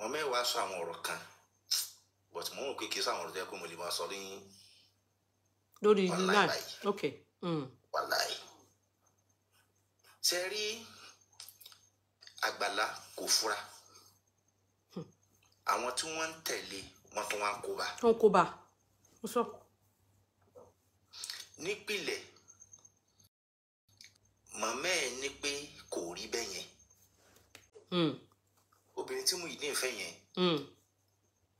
wọn mẹ́wàá sọ àwọn ọ̀rọ̀ kan but mo mọ̀ pé kì í sọ àwọn ọ̀rọ̀ tó yẹ kó mo lè máa sọ ní. lórí ìlú náà ok. Mm. wàláì ṣe rí àgbàlá kò fura hmm. àwọn tí wọ́n ń tẹ̀lé wọn tún wá ń kóbá. wọn kóbá mo sọ. nípìnlẹ̀ mọ̀mẹ́ ẹ̀ ní pé kò rí bẹ́ẹ̀ obìnrin tí Muyideen fẹ́ yẹn hmm.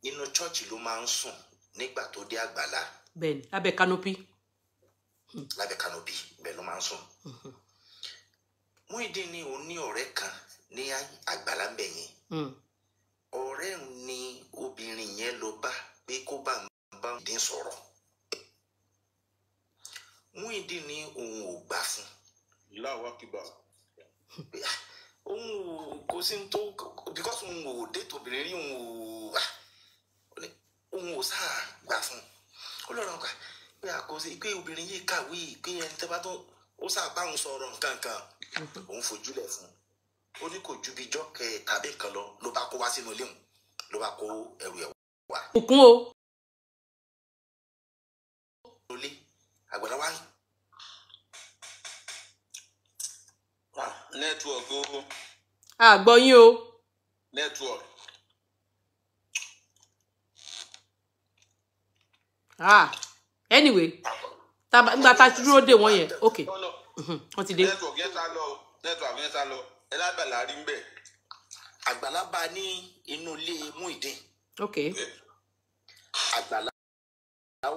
inú chọ́ọ̀chì ló máa ń sùn nígbà tó dé àgbàlá. bẹ́ẹ̀ni hmm. lábẹ́ kanopi. lábẹ́ kanopi bẹ́ẹ̀ ló máa ń sùn. Hmm. Muyideen ni òun ní ọ̀rẹ́ kan ní àgbàlá ń bẹ̀ yẹn ọ̀rẹ́ ni obìnrin yẹn lọ bá pé kó bá bá Muyideen sọ̀rọ̀ Muyideen ni òun ò gbà fún. láwa kìbà òun ò sí tó because òun ò déètò obìnrin rí òun ò ah, òun ò sáà gbà fún un ó lọ́ọ́ ràn kà pé àkọsí pé obìnrin yìí kàwé pé ẹni tẹ́ bá tó ó sáà bá òun sọ̀rọ̀ nǹkan kan òun fojúlẹ̀ fún un ó ní kò ju bíjọ́ kẹ tàbí nǹkan lọ ló bá kó wá sínú ilé òun ló bá kó ẹrù ẹ̀ wá. òkun o. àgbàdo wa ń network o. àgbọ̀ yín o. network. ah anyway taba ngba ta dúró dè wọ́n yẹn ok wọ́n ti dé. network yẹn sá lọ network yẹn sá lọ ẹ lágbàlá rí mbẹ. àgbàlagbà ní inú ilé Muyideen. ok. àgbàlá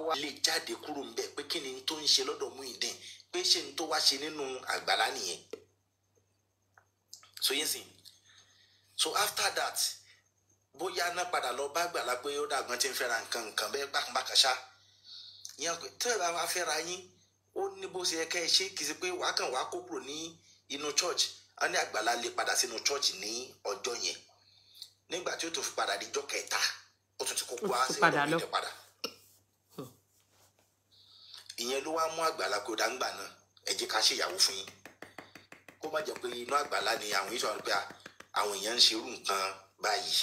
wa lè jáde kúrò ń bẹ pé kí ni tó ń ṣe lọ́dọ̀ Muyideen pé ṣé ni tó wá ṣe nínú àgbàlá nìyẹn so yín sìn so after that bóyá náà padà lọ bá gbàlá pé ó dàgbọ́n ti ń fẹ́ra nǹkan nǹkan bẹ́ẹ̀ bákànbákà ṣá yẹn pé tí ẹ bá fẹ́ra yín ó ní bó ṣe yẹ kẹ́ ẹ ṣe kì í ṣe pé wàá kàn wàá kó kúrò ní inú church wọn ní àgbàlá lè padà sínú church ní ọjọ́ yẹn nígbà tí ó tó fi padà díjọ́ kẹta ó tún ti kó wá sí ọ̀dọ̀ mi padà hmm. ìyẹn ló wá mú àgbàlá kó dàgbà náà ẹ jẹ́ ká ṣèyàwó fún yín kó má jẹ́ pé inú àgbàlá ni àwọn yìí sọ̀rọ̀ pé àwọn èèyàn ń ṣerú nǹkan báyìí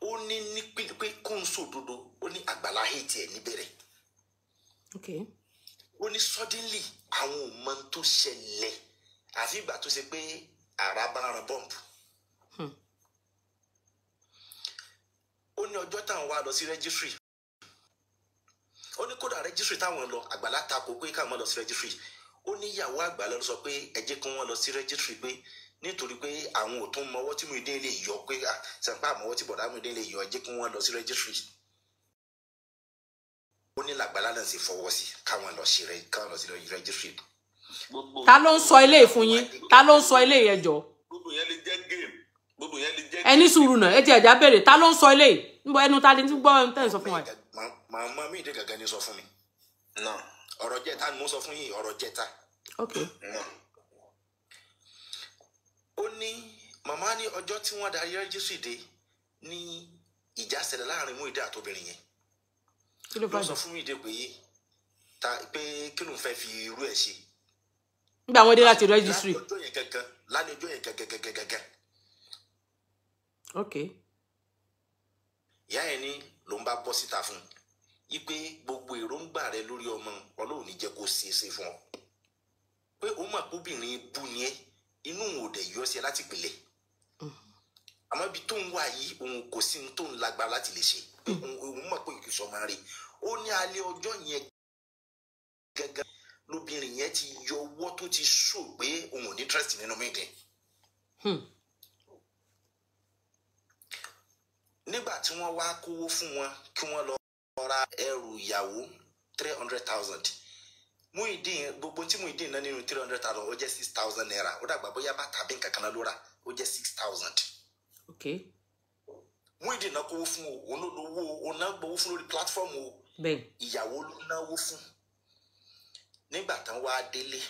ó ní ní pé kóńsó òdodo ó ní àgbàlá haiti ẹ̀ níbẹ̀rẹ̀ ó ní suddenly àwọn ò mọ tó ṣẹlẹ̀ àfi ìgbà tó ṣe pé ara bá ń ran bọ́ǹbù hmm. ó ní ọjọ́ táwọn wá lọ sí registry. ó ní kódà rẹ́gísírì táwọn lọ àgbàlá takò pé káwọn lọ sí rẹ́gísírì ó níyàwó àgbà lọ sọ pé ẹ jẹ́ kí wọ́n lọ sí rẹ́gítírì pé nítorí pé àwọn ò tún mọwọ́ tí Muyideen lè yọ pé sàǹpà àmọ́wọ́ tí bọ̀dá Muyideen lè yọ ẹ jẹ́ kí wọ́n lọ sí rẹ́gítírì ó ní làgbàlá náà sì fọwọ́ sí káwọn lọ sí rẹ́gítírì. ta ló ń sọ eléyìí fún yín ta ló ń sọ eléyìí ẹ jọ̀ọ́. gbogbo yẹn lè jẹ́ géèmù gbogbo yẹn lè jẹ́ géèmù. ẹni sùúrù náà ẹ ti ẹ̀já ta ló ń sọ eléyìí ẹnu ta ni tí gbọ́ ẹnu tẹ̀ ń sọ fún wa. màmá mi ìdè gàgà ni sọ fún mi. náà ọ̀rọ̀ jẹ́ta ni mo sọ fún yín ọ̀rọ̀ jẹ́ta. ó ní màmá ní ọjọ́ tí wọ́n darí Jésù dé ní ìjà ṣẹlẹ̀ láàrin Muyideen àtobìnrin yẹn ló sọ fún Muyideen pé ta pé kí ló ń fẹ́ fi irú ẹ̀ ṣe. nígbà wọn dé láti rẹ́jísírì. lánàá ọjọ́ yẹn gangan lánàá ọjọ́ yẹn gangan gangan. ok. ìyá yẹn ni ló ń bá bọ́ síta fún un ipe gbogbo èròǹgbà rẹ lórí ọmọ ọlọ́run ní jẹ́ kó ṣe é ṣe fún ọ pé òun mà kóbìnrin bú ni ẹ inú òun ò dẹ̀ yọ sí ẹ láti pìlẹ̀ àmọ́ ibi tó ń wà yìí òun kò sí ní tó ń lágbára láti lè ṣe òun mà pé ìkìsọ máa rí ó ní alẹ́ ọjọ́ yẹn gẹ́gẹ́ lóbìnrin yẹn ti yọ ọwọ́ tó ti sọ pé òun ò ní trust nínú mi dẹ̀ hmm. nígbà tí wọ́n wá kówó fún wọn kí wọ́n lọ. ọra ẹrù ìyàwó three hundred thousand Muyideen gbogbo tí Muyideen ná nínú three hundred thousand ó six thousand naira ó dàgbà bóyá bá tàbí nǹkan kan ló ó jẹ́ six thousand. Okay. Muyideen kówó fún o òun ló lówó o òun gbowó fún lórí platform o ìyàwó ló náwó fún nígbà tán wá délé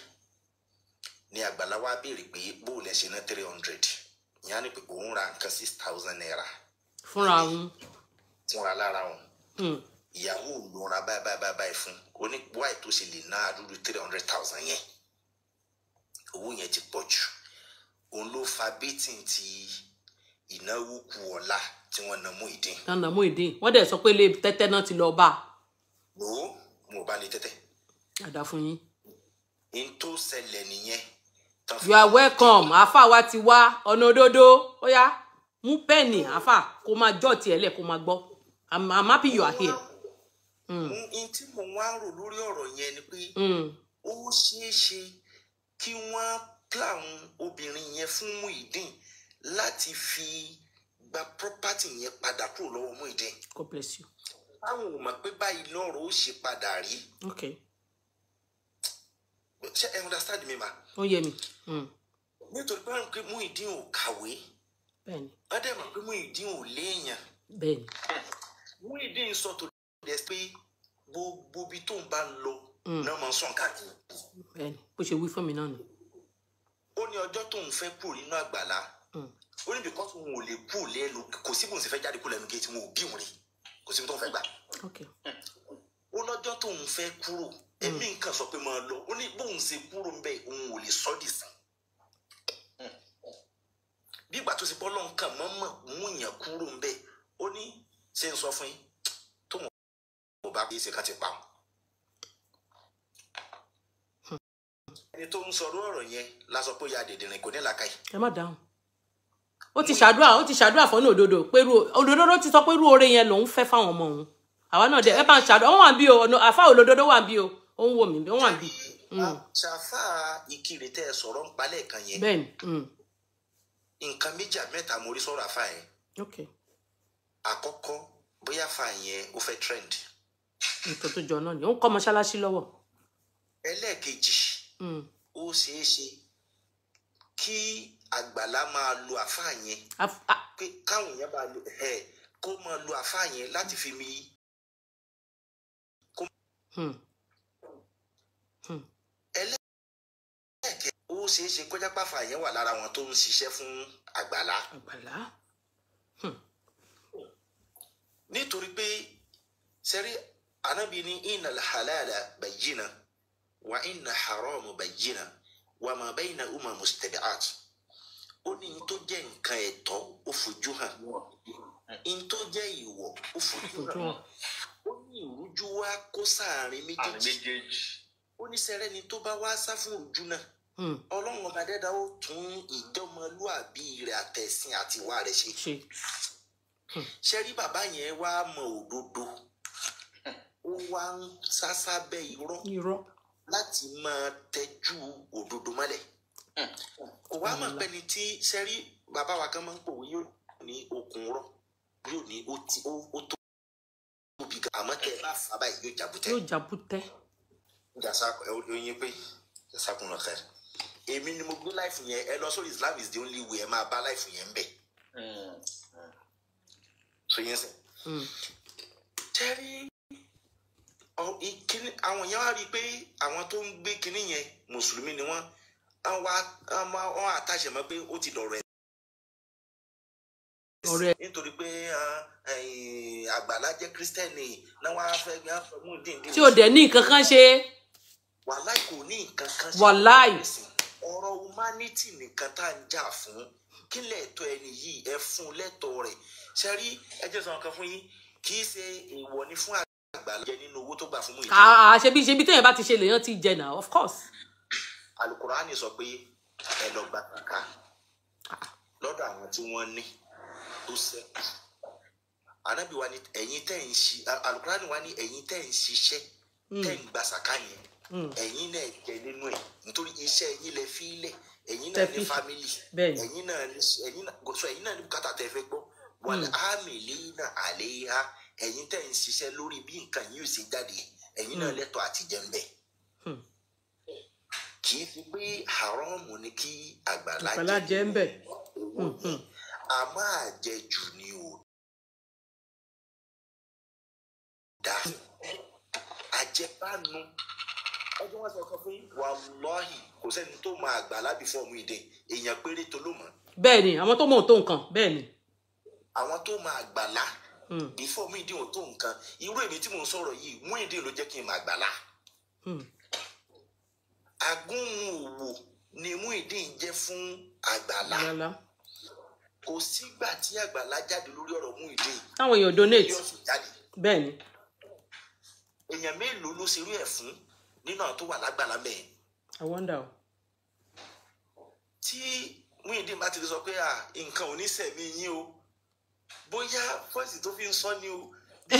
ni béèrè pé ṣe ná three hundred ìyá ni pé òun ra nǹkan six thousand naira. fúnra òun. fúnra lára òun. Hmm. ìyàwó òlòra báyìí báyìí báyìí fún onípòwáì tó ṣe lè ná àdúrú three hundred thousand yẹn owó yẹn ti pọ̀ jù òun ló fa bẹ́tìn ti ìnáwó ku ọ̀la tí wọ́n nà mú ìdín. wọ́n nà mú ìdín wọ́n dẹ̀ sọ pé ilé tẹ́tẹ́ náà ti lọ bá. wo mo bá lè tẹ́tẹ́. àdá fún yín. n tó ṣẹlẹ̀ nìyẹn. you are welcome àáfà wa ti wá ọ̀nà òdodo ó yá mú pẹ́ẹ̀nì àáfà kó máa jọ́ tiẹ̀ lẹ̀ kó máa gbọ́ i'm happy you are here. Mm. n tí mò ń wá rò lórí ọ̀rọ̀ yẹn ni pé mm. ó ṣeé ṣe kí wọ́n pláwọn obìnrin yẹn fún Muyideen láti fi gba property yẹn padà kúrò lọ́wọ́ Muyideen. God mọ̀ pé báyìí lọ́rọ̀ ó ṣe padà rí. okay. ṣé ẹ understand mi ma. ó yé mi. Mm. nítorí pé wọ́n pe Muyideen ò kàwé. bẹ́ẹ̀ni. wọ́n dẹ̀ mọ̀ pé Muyideen ò léèyàn. bẹ́ẹ̀ni. Muyideen sọ tòlú there's pé gbogbo ibi tó ń bá ń lọ mm. náà máa ń sàn káàkiri. bó ṣe wí fún mi náà ni. ó ní ọjọ́ tó ń fẹ́ kúrò nínú àgbàlá mm. ó ní bìkọ́ tó ń wò lè kú lẹ́nu kò sí bóun sì fẹ́ jáde kú lẹ́nu géètì wọn ò bí òun rí kò sí bí tó ń fẹ́ gbà. ó lọ́jọ́ tó ń fẹ́ kúrò ẹ̀mí nǹkan mm. sọ pé máa lọ ó ní bóun ṣe kúrò ń bẹ òun ò lè sọ́ dì sí. bí ìgbà tó ṣe bọ́ lọ́nkàn mọ́mọ́ mú yàn kúrò ń mo bá kí ṣe ká ti pa wọn. ẹni tó ń sọ̀rọ̀ ọ̀rọ̀ yẹn la sọ pé ya dèdèrìn kò ní làákàyè. ẹ má dáhùn ó ti ṣàdúrà ó ti ṣàdúrà fọ́nà òdodo pẹ̀lú òdodo ló ti sọ pé irú oore yẹn lòun fẹ́ fáwọn ọmọ òun àwa náà dẹ ẹ bá ń ṣàdúrà òun wà bí o àfa òdodo wà bí o òun wò mí òun wà bí. Mm. ṣàfà ìkirè tẹ sọ̀rọ̀ ń palẹ̀ kan yẹn. bẹ́ẹ̀ni. Mm. nǹkan méjì mẹ́ta mo rí sọ̀rọ̀ àfa yẹn. àkọ́kọ́ bóyá àfa yẹn ó fẹ́ trend. Mm nǹkan tó jọ náà ni ó ń kọ́ mọ́ṣáláṣí lọ́wọ́. ẹlẹ́ẹ̀kejì hmm. ó ṣeé ṣe kí àgbàlá máa lo àfáà yẹn pé káwọn èèyàn bá lo ẹ kó máa lo àfáà yẹn láti fi mi. Hmm. Hmm. ẹlẹ́ẹ̀kẹ́ ó ṣeé ṣe kọjá pàfà yẹn wà lára wọn tó ń ṣiṣẹ́ fún àgbàlá. nítorí pé sẹ́rí anabi ni ina halala bayina wa ina haramu bayina wa ma bayina uma mustabi'at ó ní n tó jẹ́ nǹkan ẹ̀tọ́ ó fojú hàn n tó jẹ́ ìwọ̀ ó fojú hàn ó ní ìrújú wá kó sáàrin méjèèjì ó ní sẹ́rẹ́ ni tó bá wá sá fún ojú náà hmm. ọlọ́run ọba dẹ́dá ó tún ìjọmọlúàbí rẹ̀ àtẹ̀sìn àtiwá rẹ̀ ṣe ṣe rí bàbá yẹn wá mọ òdodo ó wá ń sásá bẹ́ irọ́ láti máa tẹjú òdodo mọ́lẹ̀ hmm. kò wá mọ̀ hmm. pé tí sẹ́rí bàbá wa kan máa ń pòwe yóò ní okùn rọ yóò ní ó tó tóbi gan àmọ́ tẹ bá fà báyìí yóò jàbútẹ́. yóò jàbútẹ́. oyin pé jasa lọ kẹrin èmi ni mo gbé láìfù yẹn ẹ lọ sórí Islam is the only way ẹ máa bá láìfù yẹn bẹ. Hmm. so yẹn sẹ. tẹ́rí àwọn èèyàn wá rí i pé àwọn tó ń gbé kinní yẹn mùsùlùmí ni wọ́n wọ́n àtàṣe mọ́ pé ó ti dọ̀rọ̀ ẹ̀. nítorí pé àgbàlá jẹ́ kírísítẹ́nì náà wọ́n á fẹ́ gbé àfọ̀mù díndín. tí o dẹ̀ ní nǹkan kan ṣe. wàláì kò ní nǹkan kan ṣe. wàláì. ọ̀rọ̀ humanity nìkan tá à ń jà fún kí lẹ́tọ̀ ẹni yìí ẹ fún lẹ́tọ̀ rẹ̀ ṣe rí ẹ sọ̀rọ̀ kan fún yín kì í ṣe ìwọ ni fún àgbà jẹ nínú owó tó gbà fún Muyideen. àà ah, ah, ṣebí ṣebí téèyàn bá ti ṣe lèèyàn ti jẹ náà of course. alukurani sọ pé ẹ lọ gba kàkà lọ́dọ̀ àwọn tí wọ́n ní tó ṣẹ́kù anabi wa ni ẹ̀yin tẹ́ ń ṣi alukurani wa ni ẹ̀yin tẹ́ ń ṣiṣẹ́ hmm. tẹ́ ń gba yẹn hmm. ẹ̀yin náà jẹ nínú ẹ̀ nítorí iṣẹ́ ẹ̀yin lẹ fi ilẹ̀ ẹ̀yin náà ní family ẹ̀yin náà ní ẹ̀yin náà ní bùkátà tẹ́ fẹ́ gbọ́ wàlẹ àmì lẹ́yìn náà àlẹ yìí ha ẹ̀yin tẹ̀ ń ṣiṣẹ́ lórí bí nǹkan yìí ò ṣe jáde ẹ̀yin náà hmm. lẹ́tọ̀ọ́ àti jẹun bẹ́ẹ̀. Hmm. kì í fi pé haramu ni kí àgbàlá jẹ ń bẹ̀. Hmm, a máa jẹ jù ni o. dá àjẹbánu ọdún wọn sọ kan fún wàlọ́hì kò sẹ́ni tó máa àgbàlá bí fọ́ọ̀mù ìdè èèyàn péré tó ló mọ̀. bẹ́ẹ̀ àwọn tó mọ̀ tó nǹkan bẹ́ẹ̀ àwọn tó máa àgbàlá Hmm. before Muyideen ò tó nǹkan irú èmi tí mò ń sọ̀rọ̀ yìí Muyideen ló jẹ́ kí n máa gbàlá. agúnmu hmm. òwò ni Muyideen jẹ́ fún àgbàlá kò sígbà tí àgbàlá jáde lórí ọ̀rọ̀ Muyideen. táwọn èèyàn donate bẹ́ẹ̀ ni. èèyàn mélòó ló ṣerú ẹ̀ fún nínú àwọn tó wà lágbàlá mẹ́ẹ̀. I wonder. tí Muyideen bá ti sọ pé nǹkan ò ní sẹ̀mí yín o bóyá fọ́ọ̀sì tó fi ń sọ ni o bí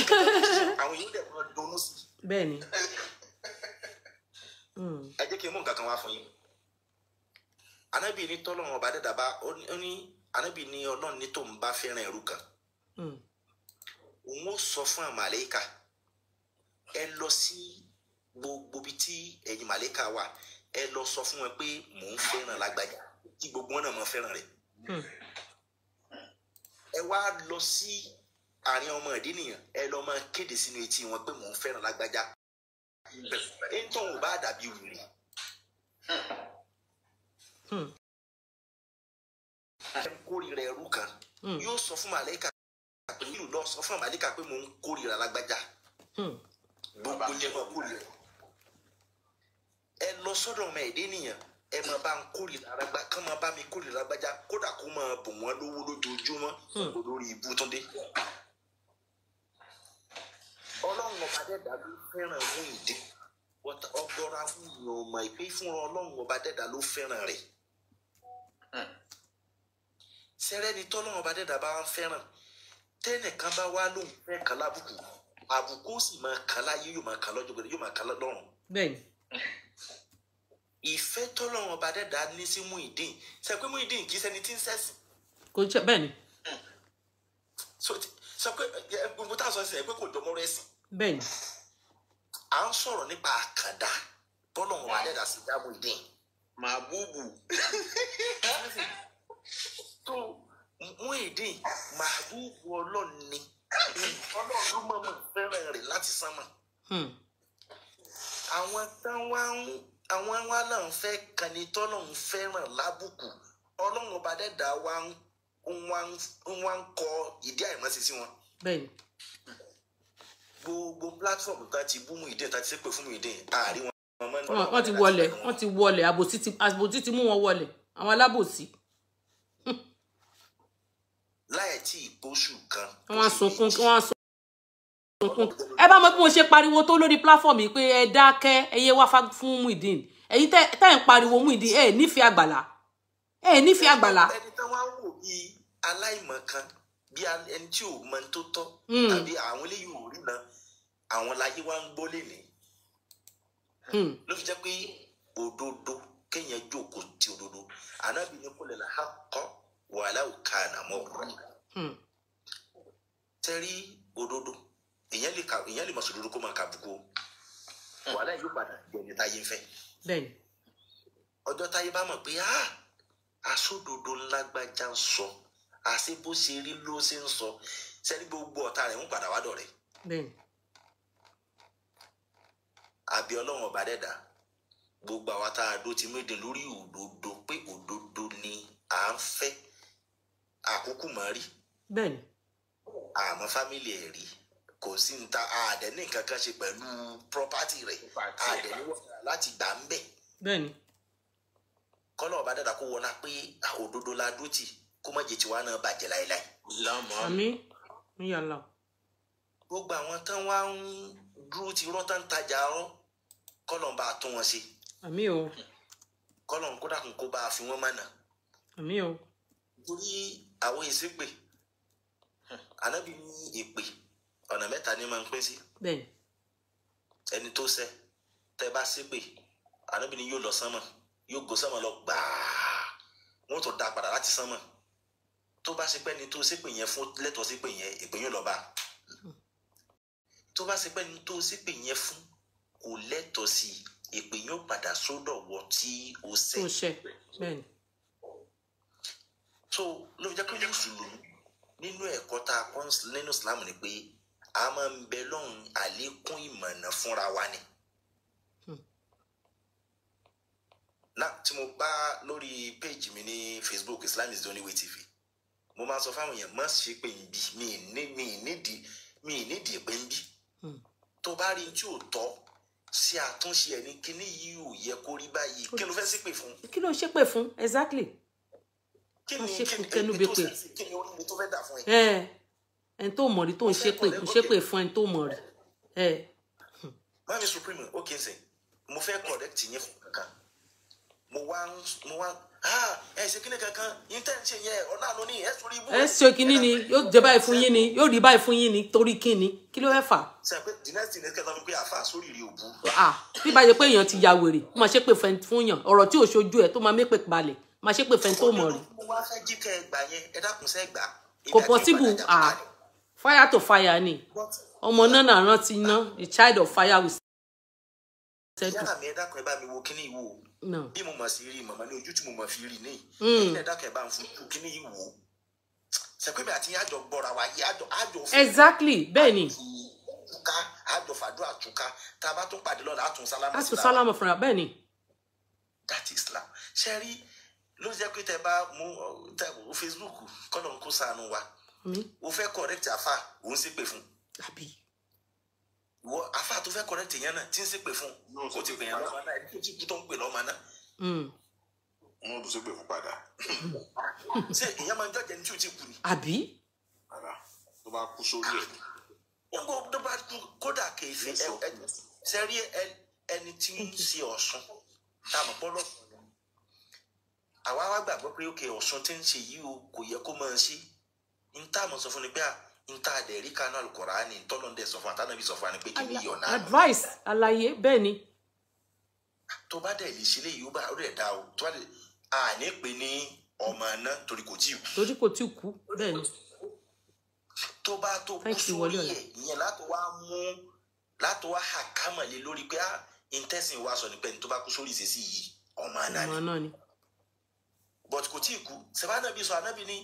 àwọn yóò dẹ̀ mọ́ donú sí. bẹ́ẹ̀ni. Hmm. ẹ jẹ́ kí n mú nǹkan kan wá fún yín anábì ní tọ́lọ́run ọba dẹ́dàbá ó ní anábì ní ọlọ́run ní tòun bá fẹ́ràn ẹ̀rú kan hmm. òun ó sọ fún àwọn màlẹ́kà ẹ lọ sí gbogbo ibi tí ẹ̀yin màlẹ́kà wà ẹ lọ sọ fún wọn pé mò ń fẹ́ràn lágbájá kí gbogbo wọn náà mọ fẹ́ràn rẹ̀. Hmm ẹ wá lọ sí àárín ọmọ ìdí nìyẹn ẹ lọ máa kéde sínú etí wọn pé mò ń fẹ́ràn lágbájá intan ò bá dàbí wèrè. Hmm. kórìíra ẹrú kan hmm. yóò sọ fún màlẹ́kà pé mi ò lọ sọ fún màlẹ́kà pé mò ń kórìíra lágbájá hmm. gbogbo yẹn máa kórìíra ẹ lọ sọ́dọ̀ ọmọ ẹ̀dẹ́ nìyẹn ẹ máa bá ń kórìíra arágbá kán máa bá mi kórìíra agbájá kódà kó máa bò wọ́n lówó lójoojúmọ́ hmm. olórí ibú túndé. ọlọ́run ọba dẹ́dà ló fẹ́ràn Muyideen ọgọ́ra fún mi ò mọ̀ pé ọlọ́run ọba dẹ́dà ló fẹ́ràn rẹ̀. sẹ́rẹ́ni hmm. tọ́lọ́run ọba dẹ́dà bá ń fẹ́ràn tẹ́nìkan bá wá lóun fẹ́ kàn lábùkù àbùkù ó sì máa kàn láyé yóò máa kàn lọ́jọ́ gbẹdẹ yóò máa kàn lọ́rùn. bẹ́ẹ̀ni ìfẹ́ tọ́lọ́run ọba dẹ́dá ní sí Muyideen ṣe pé Muyideen kì í ṣẹni tí ń ṣẹ̀sìn. kò ń ṣe bẹ́ẹ̀ ni. Hmm. sọ pé gbogbo táwọn sọ ṣe pé kò dọmọrọ ẹ̀sìn. bẹ́ẹ̀ ni. à ń sọ̀rọ̀ nípa àkàndá tọ́lọ́run ọba dẹ́dá sí dá Muyideen. màá búbù. tó Muyideen màá búbù ọlọ́ọ̀ni ọlọ́run ló mọ̀ọ́mọ̀ fẹ́ràn rẹ̀ láti sánmà. Hmm. àwọn táwọn ń àwọn wa làwọn fẹ́ kànni tọ́lọ́hún fẹ́ràn lábùkù ọlọ́run ọba dẹ́dà wa wá ń kọ ìdí àìmọ́sí sí wọn. bẹ́ẹ̀ni. gbogbo platform tá ti bú mu ìdè tá ti ṣépè fún mu ìdè àárín wọn. wọ́n ti wọlé wọ́n ti wọlé àbòsí ti mú wọn wọlé àwọn alábòsí. láì tí ì bóṣù kan. wọ́n á sunkún wọ́n á sunkún ẹ bá mọ bí mo ṣe pariwo tó lórí platform yìí pé ẹ dákẹ́ ẹ yé wá fún Muideen ẹ̀yin tẹ́ ń pariwo Muideen ẹ nífẹ̀ẹ́ àgbàlá ẹ nífẹ̀ẹ́ àgbàlá. ẹni tí wọ́n wò bí aláìmọ̀kan bí ẹni tí ò mọ tó tọ́ hmm. tàbí àwọn eléyìí ò rí náà àwọn láyé wá ń gbọ́ lélẹ̀. Hmm. ló fi jẹ́ pé òdodo kéèyàn jókòó ti òdodo anábì ní kólẹ̀ là á kọ́ wàhálà òkà àná mọ́ rọ̀. tẹ́rí òdodo ìyẹn lè ka ìyẹn lè mọ sòdodo kó máa ka buku hmm. wàhálà yóò padà gbẹ̀yìn táyé fẹ́. bẹ́ẹ̀ni. ọjọ́ táyé bá mọ̀ pé ah, àsódodo ńlágbájá ń sọ àṣé bó ṣe rí ló ṣe ń sọ sẹ́ni gbogbo ọ̀tá rẹ̀ ń padà wá dọ̀rẹ́. bẹ́ẹ̀ni. àbí ọlọ́run ọba dẹ́dà gbogbo àwa tá a dó ti méde lórí òdodo pé òdodo ni à ń fẹ́ àkókò mọ́ rí. bẹ́ẹ̀ni. àmọ́ fámìlì ẹ̀ rí kò sí ní ta àdẹ ní nǹkan kan ṣe pẹ̀lú property rẹ̀ àdẹ ní wọ́n láti gbà ń bẹ̀. bẹ́ẹ̀ni. kọ́lọ̀ ọba dàda kó wọná pé òdodo la dúró tì kó má jẹ tiwa náà bàjẹ́ láéláé. lámà. àmín níyàlá. gbogbo àwọn tán wá ń dúró ti rọ́ tán tajà rọ́ kọ́lọ̀ bá a tún wọn ṣe. àmín o. kọ́lọ̀ ń kó dàkún kó bá a fi wọ́n mọ̀nà. àmín o. torí àwọn èsì pè hmm. ànábì ní èpè ọ̀nà mẹ́ta ni máa ń pín sí. ẹni tó ṣẹ̀ tẹ́ bá ṣépè ànábì ni yóò lọ sánmọ̀ yóò go sánmọ̀ lọ gbàá wọ́n tún da padà láti sánmọ̀ tó bá ṣe pé ni tó ṣépè yẹn fún lẹ́tọ̀ọ́ ṣépè yẹn ìpè yóò lọ bá tó bá ṣe pé ni tó ṣépè yẹn fún kò lẹ́tọ̀ọ́ sí ìpè yóò padà sọ́dọ̀ wọ tí o ṣẹ̀. o ṣẹ̀ bẹ́ẹ̀ni. so ló fi jẹ́ pé mùsùlùmí nínú ẹ̀kọ́ tá a kọ́ nínú Islam ni pé a máa ń bẹ lọ́hùn àlékún ìmọ̀nà fúnra wa ni. Hmm. na tí mo bá lórí péjì mi ní Facebook Islam is the only way TV mo máa sọ fáwọn èèyàn má ṣe pé n bí mi ní mi nídìí mi nídìí pé n bí hmm. tó bá rí tí ò tọ́ ṣe àtúnṣe ẹni kíní yìí ò yẹ kó rí báyìí kí ló fẹ́ ṣépè fún. kí ló ṣépè fún exactly. kí ni kí ni kí ni tó fẹ́ dà fún ẹ ẹni tó mọ̀ rí tó ń ṣépè ń ṣépè fún ẹni tó mọ̀ rí. mami supreme ó kí n sìn mo fẹ́ correct yín fún kankan mo wá mo wá ah, ẹ ṣe kíní kankan yín tẹ́ ń ṣe yẹn ọ̀nà àná ni ẹ sórí ibú. ẹ ṣe kíní ni yóò jẹ báyìí fún yín ni yóò rí báyìí fún yín ni torí kíni kí ló fẹ́ fà. ṣe pé the next thing is kẹta mi pé àfa sórí rí òbu. Ah, bí bá yẹ pé èèyàn ti ya wèrè ó máa ṣe pé fẹ́ fún yàn ọ̀rọ̀ tí ò ṣojú ẹ̀ tó máa mépè balẹ̀ máa ṣe pé fẹ́ tó mọ̀ rí. mo wá fẹ́ jí kẹ́ ẹ gbà yẹn ẹ dákun sẹ́ gbà. kò possible fire to fire ni ọmọ náà náà rántí iná the child of fire will set you. yàrá mi ẹ dákun ẹ bá mi wo kíní ìwò bí mo mọ̀ sí rí màmá ní ojú tí mo mọ̀ fi rí ní hmm. ẹ dákun ẹ bá ń fojú kíní ìwò sẹpẹ́mi àti àjọ gbọ́ra wa yìí àjọ àjọ fún mi. exactly bẹ́ẹ̀ ni. àtúnká àjọ fàdúrà àtúnká tá a bá tún pàdé lọ́la àtún sálámù fúnra. àtún sálámù fúnra bẹ́ẹ̀ ni. that is Islam ṣe rí ló jẹ́ pé tẹ bá mú Facebook kọ́nà kó sànù wa. Hmm? o fẹ́ correct afa o se ṣépè fún wọ afa tó fẹ́ correct yẹn náà tí ń ṣépè fún o ti pè yẹn lọ́mọ náà ẹni tó ti kú tó ń pè lọ́mọ náà. wọn ò tún ṣépè fún padà. ṣé ìyá máa ń jọjẹ ní tí o ti kú ni. àbí. padà tó bá kú sórí ẹ. nígbà tó bá kú kódà kì í fi ẹ ẹ sẹ́rí ẹni tí ń ṣe ọ̀sùn táwọn bọ́lọ̀ àwa wá gbàgbọ́ pé òkè ọ̀sùn ti ń ṣe yìí o kò yẹ kó máa ṣe nta mọ̀ sọ fún ni pé à ah, nta dẹ̀ rí kánú alukurani tọ́lọ́ dẹ̀ sọ fún àtànàbí sọ fún ni pé kí ni yọ̀ advice alaye, bẹ́ẹ̀ ni. Ah, tó bá dẹ̀ lè ṣe léyìí ó ó dẹ̀ dá o tó bá dẹ̀ à ní pè ní ọmọ náà torí kò tí ì kú. torí kò tí ì kú bẹ́ẹ̀ ni. tó bá tó kú sórí ẹ̀ ìyẹn láti wá mú láti wá àkámọ̀lé lórí pé à ah, intestine wa sọ ni pé ní tó bá kú sórí ìṣesí yìí ọmọ náà ni. ọmọ náà ni. but kò tí ì kú sèbáàdàn bí ni.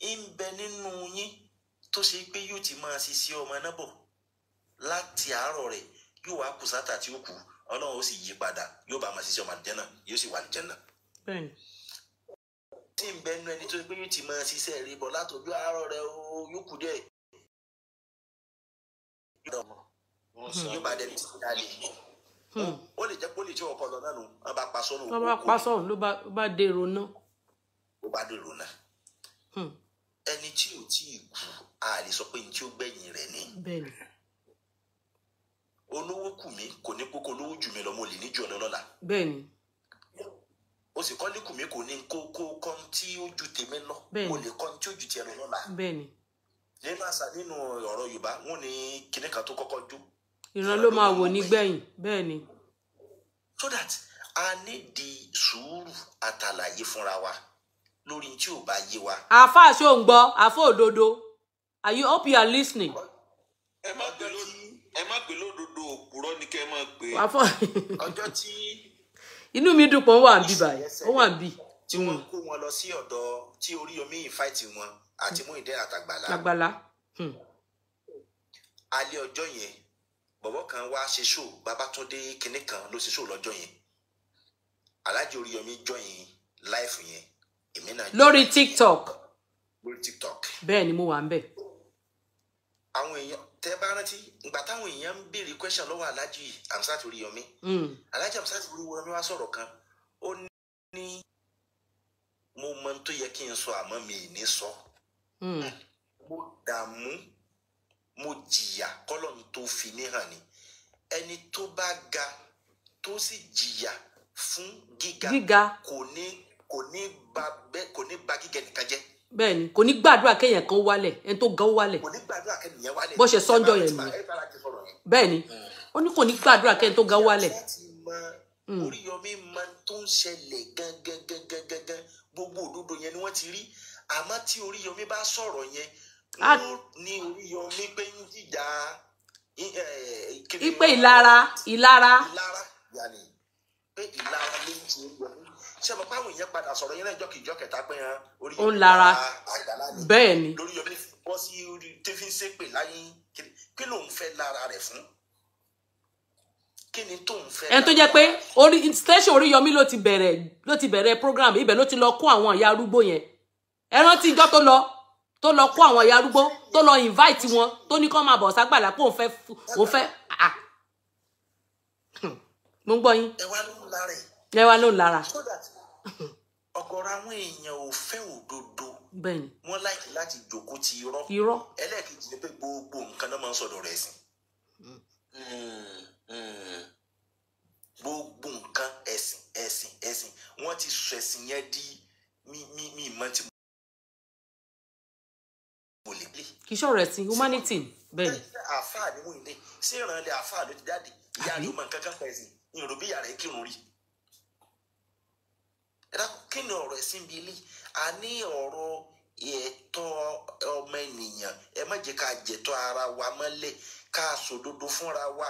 ń bẹ nínú yín tó ṣe pé yóò ti máa ṣiṣẹ́ ọmọ náà bọ̀ láti àárọ̀ rẹ̀ yóò wá kù tí ó kù ó sì yí yóò bá máa ọmọ náà, yóò sì wà tí nínú ẹni tó pé yóò ti máa ṣiṣẹ́ rí bọ̀ àárọ̀ rẹ̀ yóò kù díẹ̀. Hmm. yóò bá dẹni tí ó dá lè hmm. ó lè jẹ́ pé ó lè jẹ́ ọkọ lọ náà nù bá pa sọ́nù. pa sọ́nù ló bá dèrò náà. ó ẹni tí ò tí ì kú a lè sọ pé ní tí ó gbẹ̀yìn rẹ̀ ni. olówó kù mí kò ní kókó olówó jù mí lọ mo lè ní jù ọ lọ́la. bẹ́ẹ̀ni. o sì kọ́ ní kù mí kò ní kókó kan tí ó ju tèmi lọ mo lè kọ́ tí ó ju tiẹ̀ lọ́la. bẹ́ẹ̀ni. nínú àṣà nínú ọ̀rọ̀ yorùbá wọn ni kinní kan tó kọ́kọ́ jó. ìran ló máa wò nígbẹ̀yìn bẹ́ẹ̀ni. so that a ní di sùúrù àtàlàyé fúnra wa lórí tí ò bá yé wa. àfa àṣọ ń gbọ́ àfọ òdodo are you up? you are listening. ẹ má gbé lódodo ẹ má gbé lódodo òpùrọ́ ni kẹ́ má gbé. àfọ ọjọ́ tí. inú mi dùn pé ó wà bí báyìí ó wà bí. tí wọ́n kó wọn lọ sí ọ̀dọ̀ tí Oríyọmí ìfáìtì wọn àti hmm. Muyideen àtàgbàlá. àgbàlá. Hmm. alẹ́ ọjọ́ yẹn bọ̀bọ̀ kan wá ṣe ṣó Babátúndé kinní kan ló ṣe ṣó lọ́jọ́ yẹn Alhaji Oríyọmí jọyìn láìfù yẹn lórí tiktok lórí tiktok bẹ́ẹ̀ ni mo wà ń bẹ̀. àwọn èèyàn tẹ bá rántí ìgbà táwọn èèyàn ń béèrè question lọ́wọ́ aláàjì amsat oríyọmí hmm. aláàjì amsat oríyọmí wá sọ̀rọ̀ kan ó ní mo mọ tó yẹ kí n sọ àmọ́ mi ì ní sọ hmm. mo dààmú mo jìyà kọ́lọ́n tó fi mí hàn ni ẹni tó bá ga tó sì jìyà fún gíga kò ní kò ní gba bẹ́ẹ̀ kò ní gba gígẹ nìkan jẹ́. bẹ́ẹ̀ni kò ní gbàdúrà kéèyàn kan wálẹ̀ ẹni tó gan wálẹ̀. kò ní gbàdúrà kéèyàn wálẹ̀. bó ṣe sọ́njọ́ yẹn nìyẹn. bẹ́ẹ̀ni ó ní kò ní gbàdúrà kéèyàn tó gan wálẹ̀. Hmm. Oríyọmí máa tó ń ṣẹlẹ̀ gangan gbogbo òdodo yẹn ni wọ́n ti rí àmọ́ tí Oríyọmí bá sọ̀rọ̀ yẹn ní Oríyọmí pé ń jìjà. ipe ìlara ìlara. ìlara yàní pé ìlara ló ń ti Oríyọmí ṣé mo pa àwọn èèyàn padà sọ̀rọ̀ yẹn náà ìjọ kìjọ kẹta pé hàn orí yóò lára bẹ́ẹ̀ ni lórí yọmí bọ́ sí orí tẹ́fí ń ṣépè láyé kí ló ń fẹ́ lára rẹ̀ fún kí tó ń pé orí station Oríyọmí ló ti bẹ̀rẹ̀ ló ti bẹ̀rẹ̀ program ibẹ̀ ló ti lọ kó àwọn ìyá arúgbó yẹn ẹ rántí ìjọ tó lọ tó lọ kó àwọn ìyá arúgbó tó lọ invite wọn tó ní kó máa bọ̀ ságbàlá pé òun fẹ́ òun fẹ́ ah mo ń gbọ́ yín. ẹ wá ló ń lára ọ̀gọ̀rọ̀ àwọn èèyàn ò fẹ́ òdodo bẹ́ẹ̀ni wọ́n láìkí láti jòkó ti irọ́ irọ́ ẹlẹ́ẹ̀kejì ni pé gbogbo nǹkan náà máa ń sọ̀dọ̀ rẹ̀ sí hmm. Hmm, hmm. gbogbo nǹkan ẹ̀sìn ẹ̀sìn ẹ̀sìn wọ́n ti sọ ẹ̀sìn yẹn di mímí ìmọ̀ tí mo lè pè. kì í humanity bẹ́ẹ̀. àfáà ni wọ́n ilé ṣé ìrànlẹ̀ àfáà ló ti jáde ìyá àlùmọ̀ nǹkan kan pẹ̀sìn ìrùbíyà rẹ̀ kírun rí ẹ̀dá kí ni ọ̀rọ̀ ẹ̀sìn bíi lè a ní ọ̀rọ̀ ẹ̀tọ́ ọmọ ènìyàn ẹ má jẹ́ ká jẹ̀tọ́ ara wa mọ́lẹ̀ ká sòdodo fúnra wa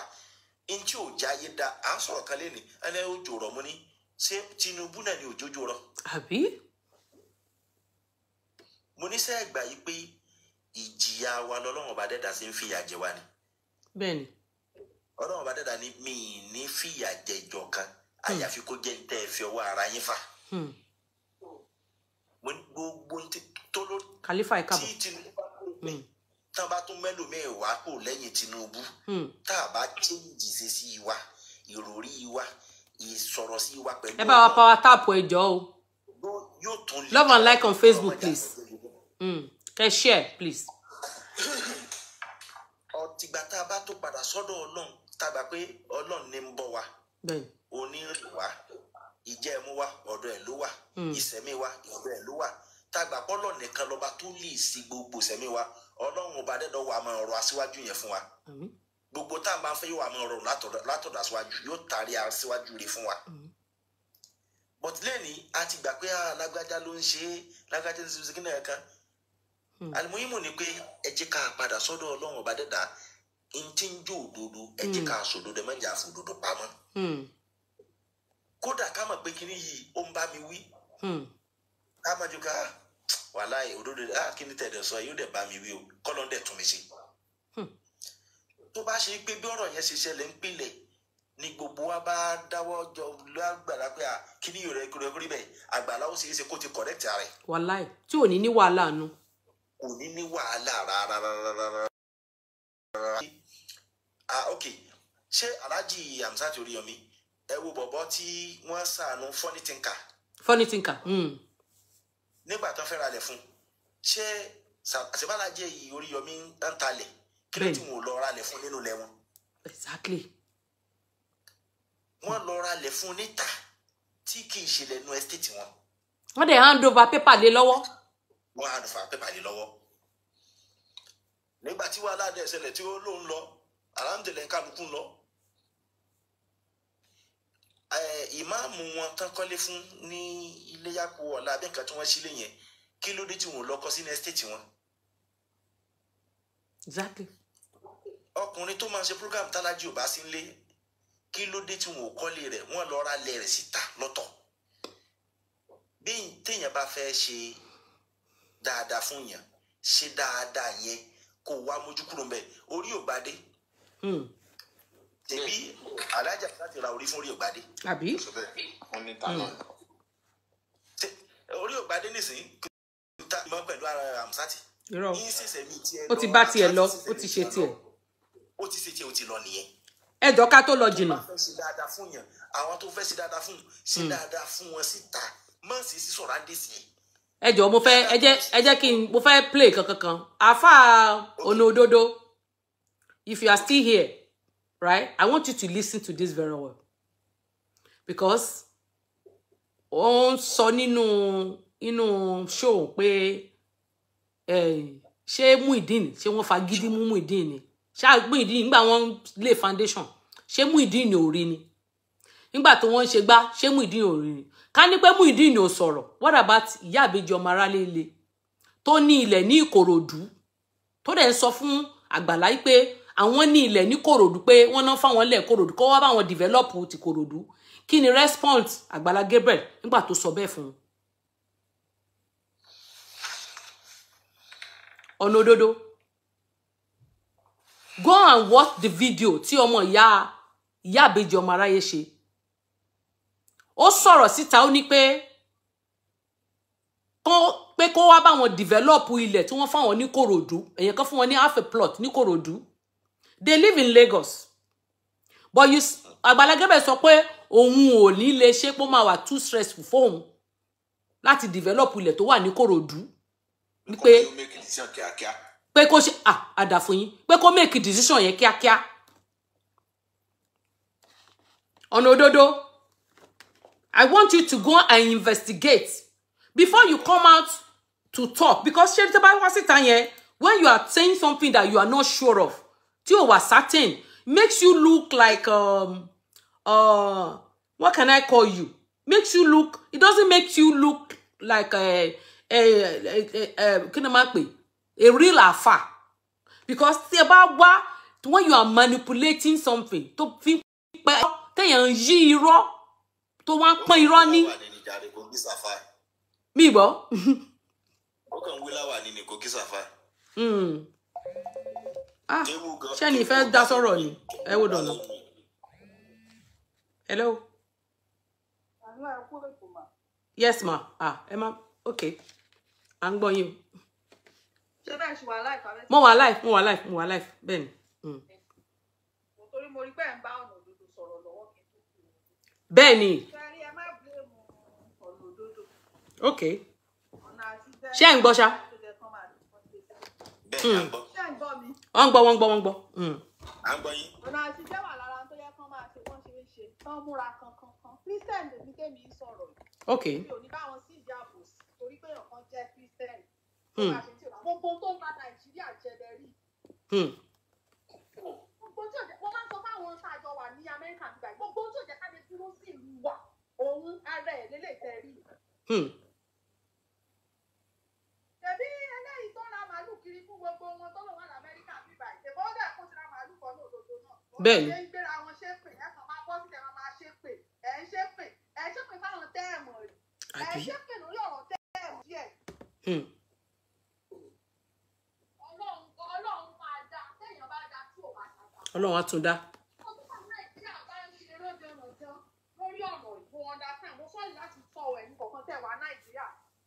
n tí ò jáyé da à ń sọ̀rọ̀ kan lẹ́nu ẹni òjò rọ̀ mú ni ṣé Tinubu náà ni òjòjò rọ̀. àbí. mo ní sẹ́ẹ̀ gbà yí pé ìjìyà wa lọ́lọ́run ọba dẹ́dà sí ń fìyà jẹ wa ni. bẹ́ẹ̀ni. ọlọ́run ọba dẹ́dà ni mi ì ní fìyà jẹ ìjọ kan hmm. àyàfi kó jẹ́ ní tẹ́ ẹ fi ọwọ́ ara yín fà mo hmm. ní gbogbo tó ló tí Tinubu hmm. tán bá tún mẹ́lòmíì wá kò lẹ́yìn Tinubu hmm. tá a bá chéǹjì ṣe sí wa ìròrí wa ìsọ̀rọ̀ sí wa pẹ̀lú. ẹ bá wa power tap ẹ o love and like on Facebook please kẹ share please. ọtìgbà tá a bá tó padà sọ́dọ̀ Ọlọ́run tá a gbà pé Ọlọ́run ní ń bọ̀ wá onírin wa ìjẹ́mu wa ọ̀dọ̀ ẹ̀ ló wà hmm. wa tàgbà pọ́lọ̀ nìkan lọ́ba tó lè sí wa ọba wà máa ọ̀rọ̀ aṣíwájú yẹn fún wa gbogbo tá a máa fẹ́ yóò wà máa ọ̀rọ̀ aṣíwájú yóò tari aṣíwájú rẹ̀ wa. but a ti gbà pé alágbájá ah, ló ń ṣe é lágbájá ní sinmi sígínà kan hmm. àlùmọ́yìnmọ̀ ni pé ẹ jẹ́ ká padà sọ́dọ̀ ọlọ́run ọba dẹ́dà ń tí ń hmm. kódà ká mọ̀ pé kíní yìí ó ń bá mi wí. Hmm. ká má ju ká wàláì òdodo ah kíní tẹ̀lé sọ yóò dẹ̀ bá mi wí o kọ́lọ́ dẹ̀ tún mi ṣe. Hmm. tó bá ṣe pé bí ọ̀rọ̀ yẹn ṣe ṣẹlẹ̀ ń pilẹ̀ ni gbogbo wa bá dáwọ́ jọ lágbàlá pé ah, kíní yóò rẹ kúrẹ́ kúrẹ́ bẹ́ẹ̀ àgbàlá ó ṣe é ṣe kó ti correct rẹ̀. wàláì tí ò ní ní wàhálà nu. kò ní ní wàhálà rárá rárá ah ok ṣé alhaji hamsat oríyomi ẹ wo bọ̀bọ̀ tí wọ́n sàánú funny thinker. Hmm. nígbà tó fẹ́ ralẹ̀ fún ṣé àṣebálàjẹ́ yìí Oríyọmí ń talẹ̀ kí ló ti wò lọ ralẹ̀ fún nínú ilẹ̀ wọn. exactly. wọ́n lọ ralẹ̀ fún níta tí kì í ṣe lẹ́nu estate wọn. wọ́n dẹ̀ hand over paper lé lọ́wọ́. wọ́n hand over paper lé lọ́wọ́. nígbà tí wàhálà dẹ̀ ṣẹlẹ̀ tí ó lóun lọ alhamdulilayi kálukú lọ ìmáàmù wọn tán kọ́lé fún ní iléyàkó ọ̀la abẹ́ǹkà tí wọ́n sílé yẹn kí ló dé tí wọn ò lọ́kọ́ sínú ẹ́stéètì wọn. Exactly. ọkùnrin tó máa ń ṣe program tálájú ò bá sí nílé kí ló dé tí wọn ò kọ́lé rẹ̀ wọ́n lọ ra lẹ̀ rẹ̀ síta lọ́tọ̀ bí téèyàn bá fẹ́ ṣe dáadáa fún yàn ṣe dáadáa yẹn kó wá mójú kúrò mbẹ orí ò bá dé. Hmm ṣebí alájà láti ra orí fún orí ògbádé. àbí orí ògbádé nìsín ta mọ pẹ̀lú ara Hamzat. irọ́ ó ti bá tiẹ̀ lọ ó ti ṣe tiẹ̀. ó ti ṣe tiẹ̀ ó ti lọ nìyẹn. ẹ dọ́ka tó lọ jìnnà. àwọn tó fẹ́ ṣe dáadáa fún yàn ṣe hmm. dáadáa fún wọn síta mọ̀ sí sísọ̀rọ̀ adé sí i ẹ jọ̀ọ́ mo fẹ́ ẹ jẹ́ ẹ jẹ́ kí n mo fẹ́ play kankan kan àáfàá ọ̀nà òdodo if you are still here right? I want you to listen to this very well. Because on sunny no, you know show pé eh ṣé Muideen ṣé wọ́n fagídí mú Muideen ni. Ṣá Muideen nígbà wọ́n lay foundation. She Ṣé Muideen ni ori ni. to tó wọ́n ṣe She ṣé Muideen ori ni. Ká ní pé Muideen ni ó sọ̀rọ̀. What about ìyá ìbejì ọmọ aráalé ilé tó ní ilẹ̀ ní Ìkòròdú tó dẹ̀ sọ fún Àgbàlá àwọn ní ilẹ̀ ní kòròdú pé wọ́n náà fáwọn lẹ̀ kòròdú kọ́ wá báwọn develop ti kòròdú kí ni response àgbàlá Gabriel nígbà tó sọ bẹ́ẹ̀ fún un. ọ̀nà òdodo go and watch the video tí ọmọ ìyá ìyá àbejì ọmọ aráyé ṣe ó sọ̀rọ̀ síta ó ní pé pé kó wá báwọn develop ilẹ̀ tí wọ́n fáwọn ní kòròdú èèyàn kan fún wọn ní half a plot ní kòròdú they live in Lagos but you Agbala Gabriel sọ pé òun ò ní lè ṣe pé ó máa wà too stressful fóun láti develop ilẹ̀ tó wà ní Kòròdú pé pé kó ṣe ah àdàfún yín pé kó make decision yẹn kíákíá ọ̀nà òdodo I want you to go and investigate before you come out to talk because ṣé tí bá wá síta yẹn when you are saying something that you are not sure of tí ò wà certain makes you look like um, uh, what can I call you makes you look it doesn't make you look like a a a kí ni máa pè a real afa because tí ẹ bá wá when you are manipulating something tó fi pẹ́ téèyàn ń yí irọ́ tó wá ń pọ́n irọ́ ní. mi bọ́. ó kàn wí láwà ní ní kí sàfà ah she ni ìfẹ́ dá sọ̀rọ̀ ni ẹ wò dọ̀nà. hello. yes ma ah ẹ ma ok à ń gbọ́ yín o. ṣé bẹ́ẹ̀ ṣe mo wà láìpẹ́ mo wà láìpẹ́ mo wà láìpẹ́ bẹ́ẹ̀ ni. Mm. torí mo rí pé ẹ̀ ń bá ọ̀nà òdodo sọ̀rọ̀ lọ́wọ́ kí ni. sẹ́rí ẹ má bí èmo ọ̀nà bẹ́ẹ̀ hmm. gbọ́. wọ́n gbọ́ wọ́n gbọ́ wọ́n gbọ́. Hmm. à ń gbọ́ yín. ọ̀nà àtijọ́ wà lára tó yẹ kán máa ṣe wọ́n ṣe é ṣe tán múra kankan kan christian lèmi kémi ń sọ̀rọ̀ yìí. ok mi ò ní bá sí ìjà àbò torí pé ọ̀kan jẹ́ christian. Hmm. gbogbo tó ń ba nàìjíríà jẹ lẹ́rìí. gbogbo tí ò jẹ́ wọ́n máa ń sọ fáwọn tá a wà ní amẹ́ríkà nígbà yìí gbogbo tí ò jẹ́ ká dúró sí ìlú wa òun ara ẹ̀ lélẹ̀ tẹ̀rí gbogbo wọn tó lọ wà lamẹ́ríkà bí báyìí ṣe bọ́ dẹ̀ kó tira màálù kan ní òdodo náà. bẹ́ẹ̀ni ó ń gbéra wọn ṣe pè ẹ kàn máa bọ́ sílẹ̀ máa ṣe pè ẹ ń ṣe pè ẹ ṣe pè fáwọn tẹ́ẹ̀mù rẹ̀ ẹ ṣe pè lórí ọ̀rọ̀ tẹ́ẹ̀mù díẹ̀. Hmm. ọlọ́run máa dá téèyàn bá dá tí ò bá dá. ọlọ́run á tún dá. lórí ọ̀rọ̀ ìgbó ẹ̀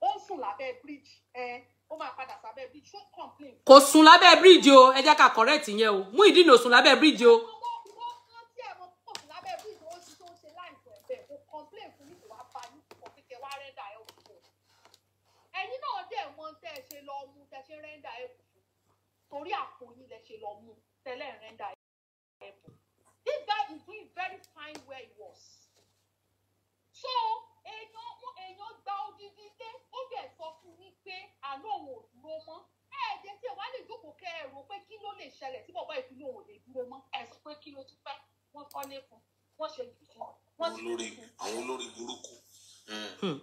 ó ń sùn lábẹ́ bridge ẹ ó máa padà sábẹ́ bridge ṣó complain. kò sùn lábẹ́ bridge o ẹ jẹ́ ká correct yẹn o Muyideen ò sùn lábẹ́ bridge o. torí àpò lẹ ṣe lọ mú tẹ́lẹ̀ rẹ́ńdà ẹ̀ this guy is doing very fine where he was so èèyàn gba odidi dé ó dẹ̀ sọ fún yín pé àná òun ò dúró mọ́ ẹ̀ẹ́dẹ̀ tí ẹ wá lè jókòó kẹ́ ẹ rò pé kí ló lè ṣẹlẹ̀ tí bàbá ìlú òun ò lè dúró mọ́ ẹ sọ pé kí ló tún fẹ́ wọ́n kọ́lé fún wọ́n ṣe jù fún wọ́n ti lórí àwọn olórí burúkú. Hmm.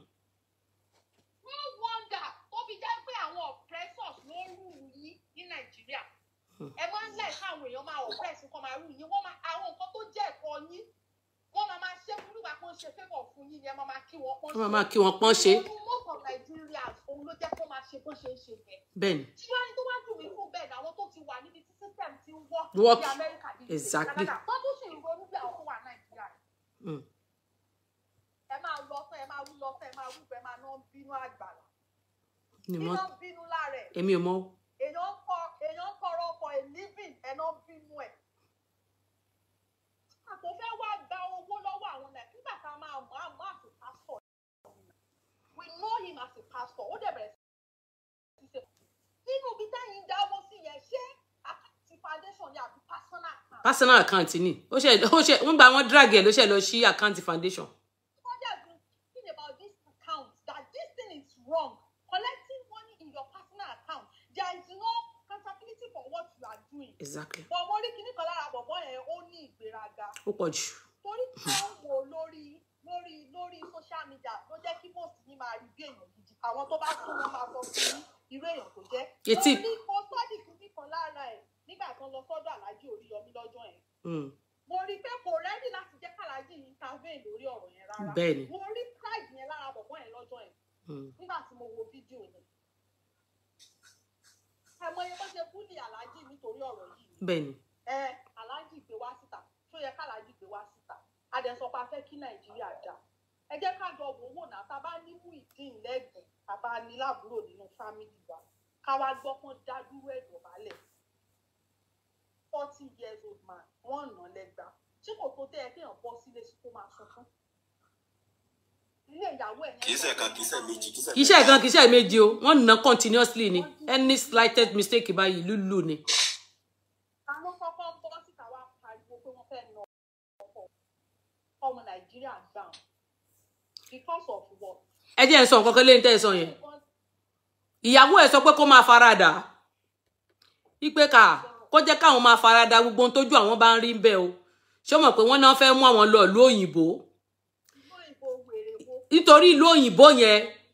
no wonder tó fi jẹ́ pé àwọn oppressors ló rù yín ní nàìjíríà hmm. ẹ máa ń lẹ̀ káwọn èèyàn máa oppress kọ́ máa rù yín wọ́n máa máa kí wọn pọ́n ṣe. bẹ́ẹ̀ ni àwọn exactly. tó tún hmm. èmi ò mọ̀ personal account ni ó ṣe ó ṣe wọ́n gba wọ́n drag ẹ̀ ló ṣe lọ sí account foundation kì í ṣe ẹ̀kan kì í ṣe ẹ̀méjì o wọ́n nà continuously ni any slightest mistake báyìí lúlù ni. àwọn kọ́kọ́ bọ́ síta wá pariwo pé wọ́n fẹ́ nà ọkọ̀ ọmọ nàìjíríà down because of what. ẹ jẹ́ ẹ̀ sọ nǹkan kan lẹ́yìn tẹ́ ẹ sọ yẹn ìyàwó ẹ̀ sọ pé kó máa faradà ipe ká kó jẹ́ káwọn máa faradà gbogbo ohun tójú àwọn bá ń rí bẹ́ẹ̀ o ṣé mọ̀ pé wọ́n náà fẹ́ mú àwọn lọ ìlú òyìnbó nítorí ìlú òyìnbó yẹn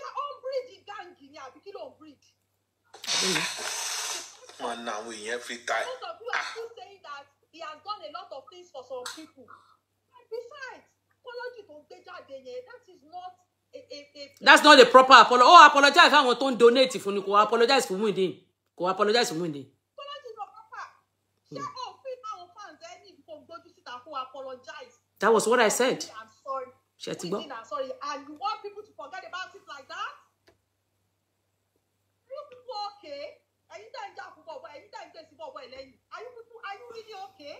ṣé ó ń ni àbí kí ló ń wọn na àwọn èèyàn every time. most of you are still saying that he has done a lot of things for some people. and besides apology tó ń yẹn that is not. that's not a proper apology. oh, apologize fáwọn tó ń donate fún ni kò apologize fún Muyideen kò apologize fún Muyideen. apology hmm. that was what I said ṣe ti gbọ́. sorry and you want people to forget about it like that? you people okay? ẹ̀yin tẹ̀ ń jà fún bọ̀bọ̀ ẹ̀yin tẹ̀ ń gbèsè bọ̀bọ̀ are you people are you really okay?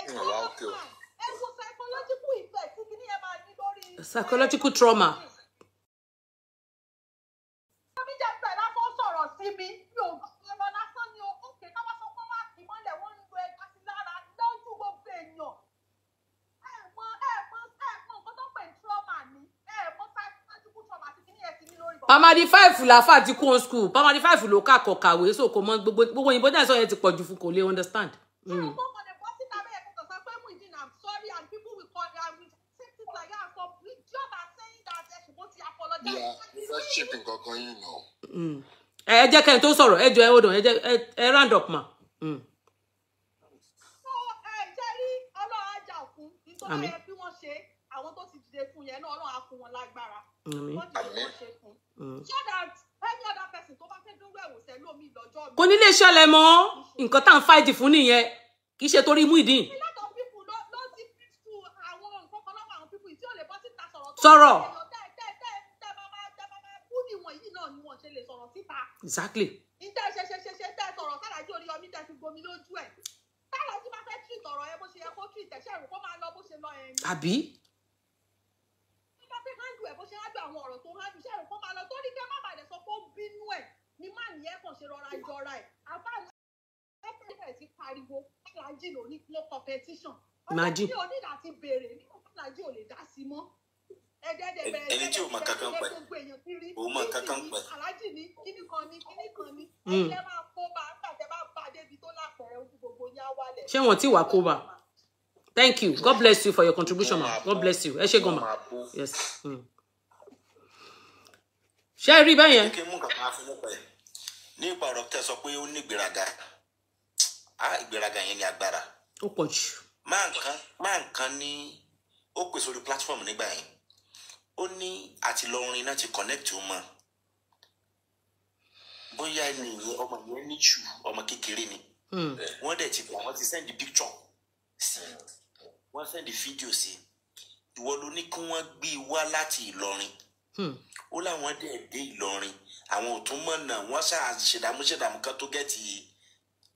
èkó lọ́kàn mm-hmm. ẹ wo psychological effect tí kìíní ẹ máa ní lórí. psychological trauma. ọmọ mi jẹ́ pẹ̀lú afọ́ sí mi mi ò pamadi five làáfà ti kún school pamadi five ló kà kọ kàwé so kò mọ gbogbo gbogbo òyìnbó náà sọ yẹn ti pọ̀ jù fún kò lè understand. ẹ jẹ́ kẹ́ni tó sọ̀rọ̀ ẹ jọ ẹ hold on ẹ jẹ́ ẹ round up ma. Hmm. àmín àwọn tó ti dìde fún yẹn náà ọlọ́run á fún wọn lágbára wọ́n ti dìde fún so that any other person tó bá fẹ́ dúró ẹ̀wò sẹ́lú omi lọ́jọ́ mi. kò ní lè ṣẹlẹ̀ mọ́ nǹkan tá à ń fáìtì fún nìyẹn kì í ṣe torí Muyideen. sọ̀rọ̀. exactly. ǹjẹ́ ṣe ṣe ṣe ṣe tẹ́ sọ̀rọ̀ sálájú orí omi tẹ́ fi gbomi lójú ẹ̀ sálájú bá fẹ́ tírì tọ̀rọ̀ ẹ bó ṣe yẹ kó tírì tẹ̀ṣẹ̀ rò kó máa lọ bó ṣe lọ ẹ̀. àbí ẹ̀ bó ṣe rájọ àwọn ọ̀rọ̀ tó rájọ iṣẹ́ rẹ̀ kó máa lọ tó ní má bàa sọ pé ó bínú ẹ̀ ní má nìyẹn kàn ṣe rọra jọra ẹ̀ àbá àwọn ẹ̀fẹ̀ ti pariwo fúlàjì ló ní no competition ọ̀rọ̀ tí o ní láti béèrè nínú fúlàjì ò lè dá sí mọ́ ẹni tí o mọ kankan pẹ o mọ kankan pẹ. aláàjì ni kíní kan ni kíní kan ni hmm. ẹ̀yìn máa kó bá àtàtẹ bá bá débi tó lápẹ̀rẹ̀ gbogbo yá wálẹ̀. ṣé wọn ti wà kó bá thank you god bless you for your contribution ma god bless you ẹ ṣé gan ma yes. Mm ṣé ẹ rí bẹ́yẹn. kí n mú nǹkan kan fún nípa ẹ ní ipa ọ̀rọ̀ tẹ sọ pé ó ní ìgbéraga á ìgbéraga yẹn ní agbára. ó pọ̀ jù. máa nǹkan máa nǹkan ní ó pè sórí platform nígbà yẹn ó ní àti lọ orin náà ti connect ó mọ bóyá ẹni ìyẹn ọmọ ìyẹn ní ṣù ọmọ kékeré ni hmm. wọ́n dẹ̀ ti bọ̀ wọ́n ti send picture sí wọ́n send fídíò sí ìwọ ló ní kí wọ́n gbé e wá láti Ìlọrin. Hmm ó láwọn dẹ̀ dé Ìlọrin àwọn ò tún mọ̀nà wọ́n ṣáà ṣèdààmú ṣèdààmú kan tó gẹ̀ẹ́tì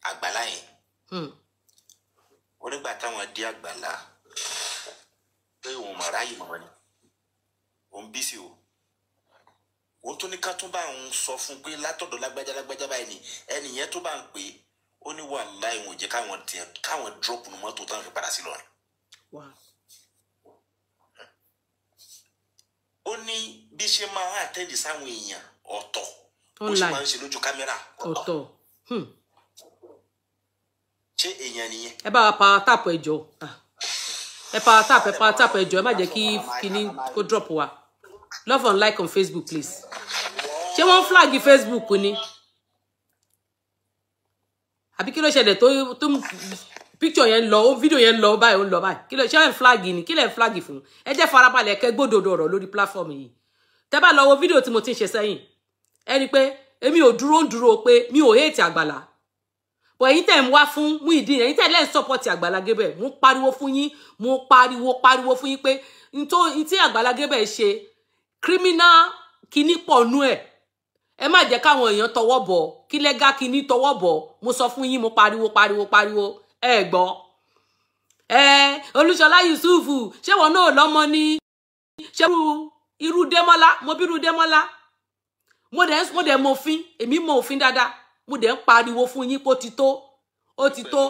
àgbàlá yẹn. wọ́n hmm. nígbà táwọn dé àgbàlá pé òun mọ̀ ráyè mọ̀ ni òun bí sí o òun tún ní ká tún bá òun sọ fún pé látọ̀dọ̀ lágbájá lágbájá báyìí ni ẹnìyẹn tó bá ń pè é ó ní wàhálà ìwọ̀n jẹ́ káwọn dúrọ́pù mọ́tò táwọn fi padà sí lọ́rùn. ó ní bí ṣe máa àtẹ́ǹdì sáwọn èèyàn ọ̀tọ̀ ó sì máa ń ṣe lójú kámẹ́rà ọ̀tọ̀ hmm. ṣé èèyàn nìyẹn. ẹ bá wa pa tap ẹ ah. ẹ pa tap ẹ pa tap ẹ ẹ má jẹ́ kí kinní kó drop wa love and like on Facebook please ṣé wọ́n flag Facebook ni àbí kí ló ṣẹlẹ̀ tó tó picture yẹn lọ ó fídíò yẹn lọ báyìí ó ń lọ báyìí kí lè ṣe ẹ̀ ń flag ni kí lè ń flag fún ẹ jẹ́ farabalẹ̀ kẹ́ gbódòdó ọ̀rọ̀ lórí platform yìí tẹ́ bá lọ wo fídíò tí mo ti ń ṣe sẹ́yìn ẹ rí pé èmi ò dúró ń dúró pé mi ò hate Àgbàlá bọ̀ ẹ̀yin tẹ̀ ń wá fún Muyideen ẹ̀yin tẹ̀ lẹ́ ń support Àgbàlá Gabriel mo pariwo fún yín mo pariwo pariwo fún yín pé n tí Àgbàlá Gabriel ṣe criminal kinní pọ̀ nú ẹ̀ ẹ má jẹ́ káwọn èèyàn tọwọ́ bọ̀ kí lẹ́gá kinní tọwọ́ bọ̀ mo sọ fún yín mo pariwo pariwo pariwo ẹ gbọ́ ẹ olúṣọlá yusuf ṣé wọn náà lọ́mọ ni ṣé irú dẹ́mọ́lá mo bí irú dẹ́mọ́lá mo dẹ̀ mo dẹ̀ Mo òfin èmi mọ òfin dáadáa mo dẹ̀ ń pariwo fún yín pé ó ti tó ó ti tó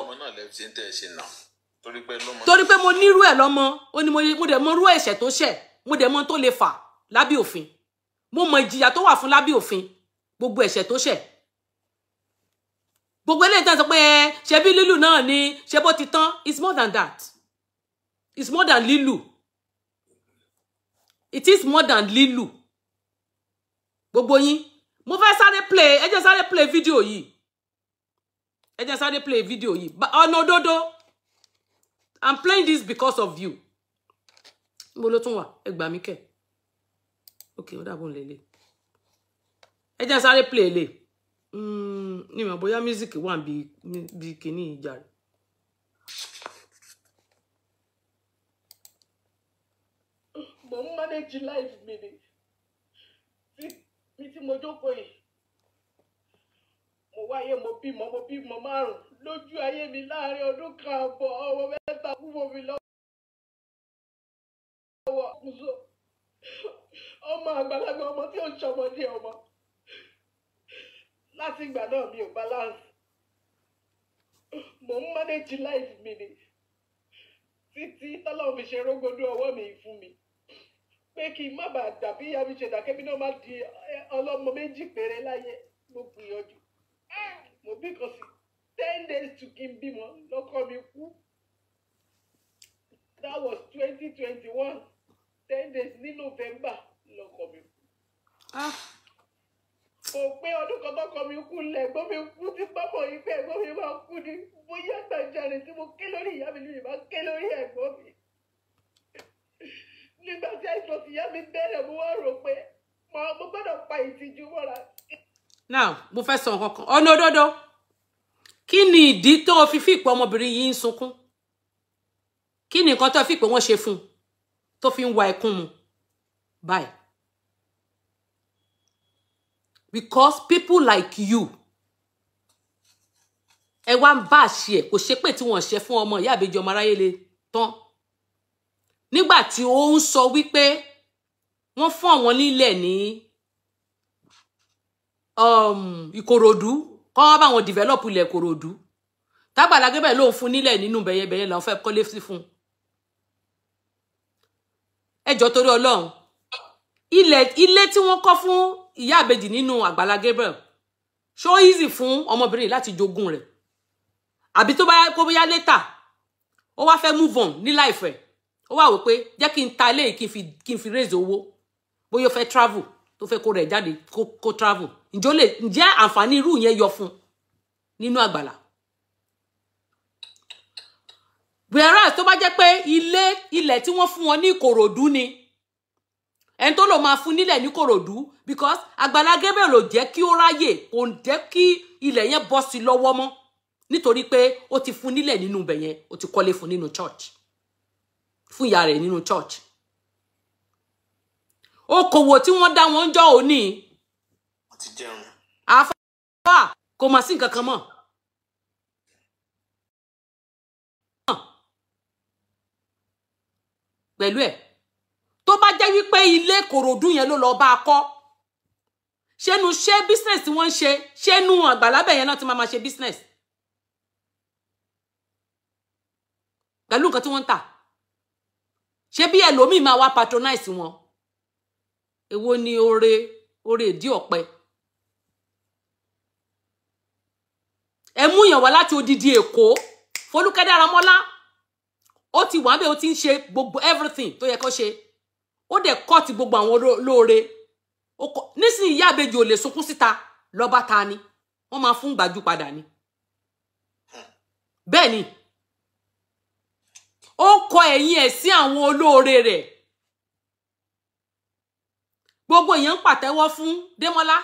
torí pé mo nírú ẹ̀ lọ́mọ ó ní mo dẹ̀ mo irú ẹ̀ṣẹ̀ tó ṣẹ̀ mo dẹ̀ mọ tó lè fà lábẹ́ òfin mo mọ ìjìyà tó wà fún lábẹ́ òfin gbogbo ẹ̀ṣẹ̀ tó ṣẹ̀ gbogbo eléyìí tán sọ pé ẹ eh, ṣe bí lílù náà ni ṣe bó ti tán it's more than that it's more than lílù it is more than lílù gbogbo yín mo fẹ́ sáré play ẹ jẹ́ sáré play fídíò yìí ẹ jẹ́ sáré play fídíò yìí ọ̀nà òdodo i'm playing this because of you mo ló tún wà ẹ gbà mí kẹ ok ó dàbọ̀ lélẹ̀ ẹ sáré play lè ní mm, ìmọ̀ bóyá music wà bí kìíní ìjà rẹ̀. mo ń manage life mi ni mi tí mo jókòó yìí mo wáyé mo bímọ mo bímọ márùn lójú ayé mi láàrin ọdún kan àbọ̀ ọmọ mẹ́ta kú mo lọ́wọ́ ọmọ àgbàlagbà ọmọ tí ò ń ṣọmọdé ọmọ láti ìgbà náà mi ò balance mò ń manage life mi ni títí tọ́lọ́run fi ṣe rógódó ọwọ́ mi fún mi pé kí n má bàa dàbí ìyá mi ṣe dàkẹ́mi náà má di ọlọ́mọ méjì péré láyé mo gbìyànjú mo bí kan sí ten days to kí n bímọ lọ́kọ mi kú that was twenty twenty one ten days ní november lọ́kọ mi kú. ah kò pé ọdún kan tọkọ mi kú lẹ gbọ́n mi kú tí pápọ̀ yìí pé ẹ̀gbọ́n mi máa kú ni bóyá gbàjarè tí mo ké lórí ìyá mi lónìí máa ké lórí ẹ̀gbọ́n mi nígbà tí àìsàn ti yá mi bẹ̀rẹ̀ mo wá rò pé mo gbọ́dọ̀ pa ìtìjú mọ́ra. now mo fẹ́ sọ nǹkan kan ọ̀nà òdodo kí ni ìdí tó o fi fìpọ̀ ọmọbìnrin yìí ń sunkún kí ni nǹkan tó o fìpọ̀ wọ́n ṣe fún un tó fi ń wa ẹkún mu báyìí because people like you ẹ wá ń bá àṣì ẹ kò ṣe pé tí wọn ṣe fún ọmọ ìyá àbejì ọmọ aráyé le tán nígbà tí ó ń sọ wípé wọn fún àwọn nílẹ̀ ní um, ìkòròdú kọ́ wọ́n bá wọn develop ilẹ̀ ìkòròdú tágbàlá gẹ́gẹ́ ló ń fún nílẹ̀ nínú bẹ̀yẹbẹ̀yẹ làwọn fẹ́ kọ́lé sí fún ẹjọ́ torí ọlọ́run ilẹ̀ ilé tí wọ́n kọ́ fún ìyá àbejì nínú àgbàlá Gabriel ṣó easy fún ọmọbìnrin láti jogun rẹ̀ àbí tó bá kó bóyá létà ó wá fẹ́ move on ní life ẹ̀ ó wá wò pé jẹ́ kí n ta eléyìí kí n fi kí n fi raise owó bóyá ó fẹ́ travel tó fẹ́ kó rẹ̀ jáde kó kó travel ǹjọ́ lè ǹjẹ́ àǹfààní irú yẹn yọ fún nínú àgbàlá whereas tó bá jẹ́ pé ilé ilẹ̀ tí wọ́n fún wọn ní Ìkòròdú ni ẹni tó lò máa fún nílẹ̀ ní Kòròdú because Àgbàlá Gabriel ò jẹ́ kí ó ráyè kò ń jẹ́ kí ilẹ̀ yẹn bọ́ sí lọ́wọ́ mọ́ nítorí pé ó ti fún nílẹ̀ nínú ibẹ̀ yẹn ó ti kọ́lé fún nínú church fún ìyá rẹ̀ nínú church okòwò tí wọ́n dá wọn jọ òní àfáà kò mà sí nǹkan kan mọ́. pẹ̀lú ẹ̀ tó bá jẹ́ wípé ilé Ìkòròdú yẹn ló lọ bá kọ́ ṣénu ṣé business tí wọ́n ń ṣe ṣénu àgbàlábẹ̀ yẹn náà ti máa ma ṣe business pẹ̀lú nǹkan tí wọ́n ń tà ṣé bí ẹlòmíì máa wá patronize wọn èwo ni oore oore ìdí ọ̀pẹ ẹ mú yàn wá láti odidi Èkó Fọlúkẹ́ Dáramọ́lá ó ti wà bẹ́ẹ̀ ó ti ń ṣe gbogbo everything tó yẹ kó ṣe ó dẹ̀ kọ́ ti gbogbo àwọn olóore nísìnyí ìyá àbejì ò lè sunkún síta lọ́ba ta ni wọ́n máa fún gbàjú padà ni hmm. bẹ́ẹ̀ ni ó ń kọ ẹ̀yìn ẹ̀ sí àwọn olóore rẹ̀ gbogbo èèyàn ń pàtẹ́wọ́ fún Démọ́lá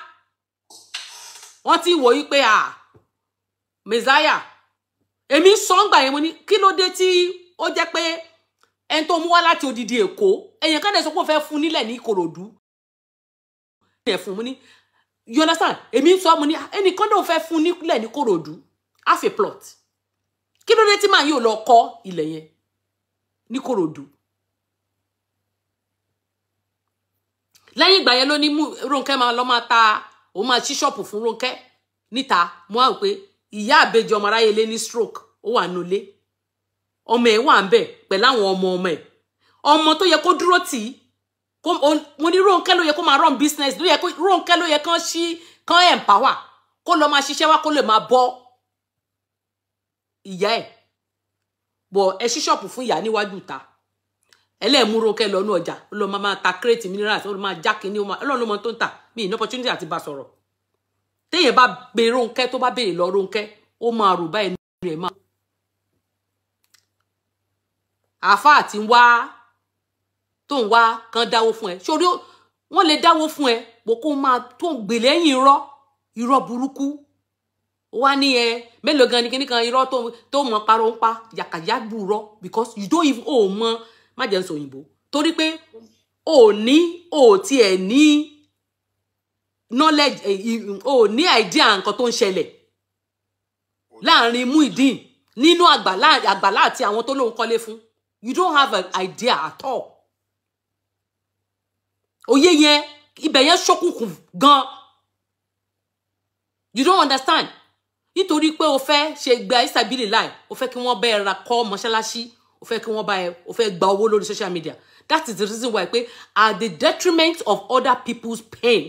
wọ́n ti wò wípé à Messiah èmi sọ́ngbà yẹn mo ní kí ló dé tí ó jẹ́ pé ẹni tó mú wá láti odidi èkó èèyàn kan dẹ̀ sọ pé ó fẹ́ fún nílẹ̀ ní ìkòròdú ẹ̀ fún mi ní you understand èmi ń sọ mo ní ẹnìkan dẹ̀ ó fẹ́ fún nílẹ̀ ní ìkòròdú half plot kí ló dé tí màá yóò lọ kọ́ ilẹ̀ yẹn ní ìkòròdú lẹ́yìn ìgbà yẹn ló ní Rónkẹ́ máa lọ máa ta òun máa ṣí ṣọ́ọ̀pù fún Rónkẹ́ níta mo wá pé ìyá àbejì ọmọ aráyé lé ní stroke ó wà nulẹ̀ ọmọ ẹ̀ wà ń bẹ̀ pẹ̀lú àwọn ọmọ ọmọ ẹ̀ ọmọ tó yẹ kó dúró tì í mo ní Rónkẹ́ ló yẹ kó máa run business ló yẹ kó Rónkẹ́ ló yẹ kán ṣí kán empower kó lọ máa ṣiṣẹ́ wá kó lè máa bọ́ ìyá ẹ̀ bọ̀ ẹ ṣí ṣọ́ọ̀pù fún ìyá níwájú ta ẹlẹ́ẹ̀mú Rónkẹ́ lọ́nu ọjà ó lọ máa ta kírètì minerals ó lọ máa já kínní ó máa ọlọ́run ló mọ tó ń tà mí ní opportunity àti bá sọ̀rọ̀ téèyàn bá gbé Rónkẹ́ tó bá béèrè lọ Rónkẹ́ ó máa rò báyìí nínú ẹ̀ máa àáfàá tí ń wá tó ń wá kan dáwó fún ẹ sórí wọn lè dáwó fún ẹ bó kó máa tó ń gbè lẹ́yìn irọ́ irọ́ burúkú wá ní mélòó gan ni kíní kan irọ́ tó tó mọ parọ́ ń pa yàkàyàgbù rọ because you don't even ò mọ má jẹ́ ń sọ òyìnbó torí pé ò ní ò tiẹ̀ ní knowledge eh, o ní idea nǹkan tó ń ṣẹlẹ̀ láàrin Muyideen nínú àgbàlá àgbàlá àti àwọn tó lóun kọ́lé fún you don't have an idea at all òye yẹn ibẹ̀ yẹn ṣókùnkùn gan you don't understand nítorí pé o fẹ́ ṣe gba isabili láì o fẹ́ kí wọ́n bá ẹ ra kọ́ mọ́ṣáláṣí o fẹ́ kí wọ́n bá ẹ o fẹ́ gba social media that is the reason why pé at the detriment of other people's pain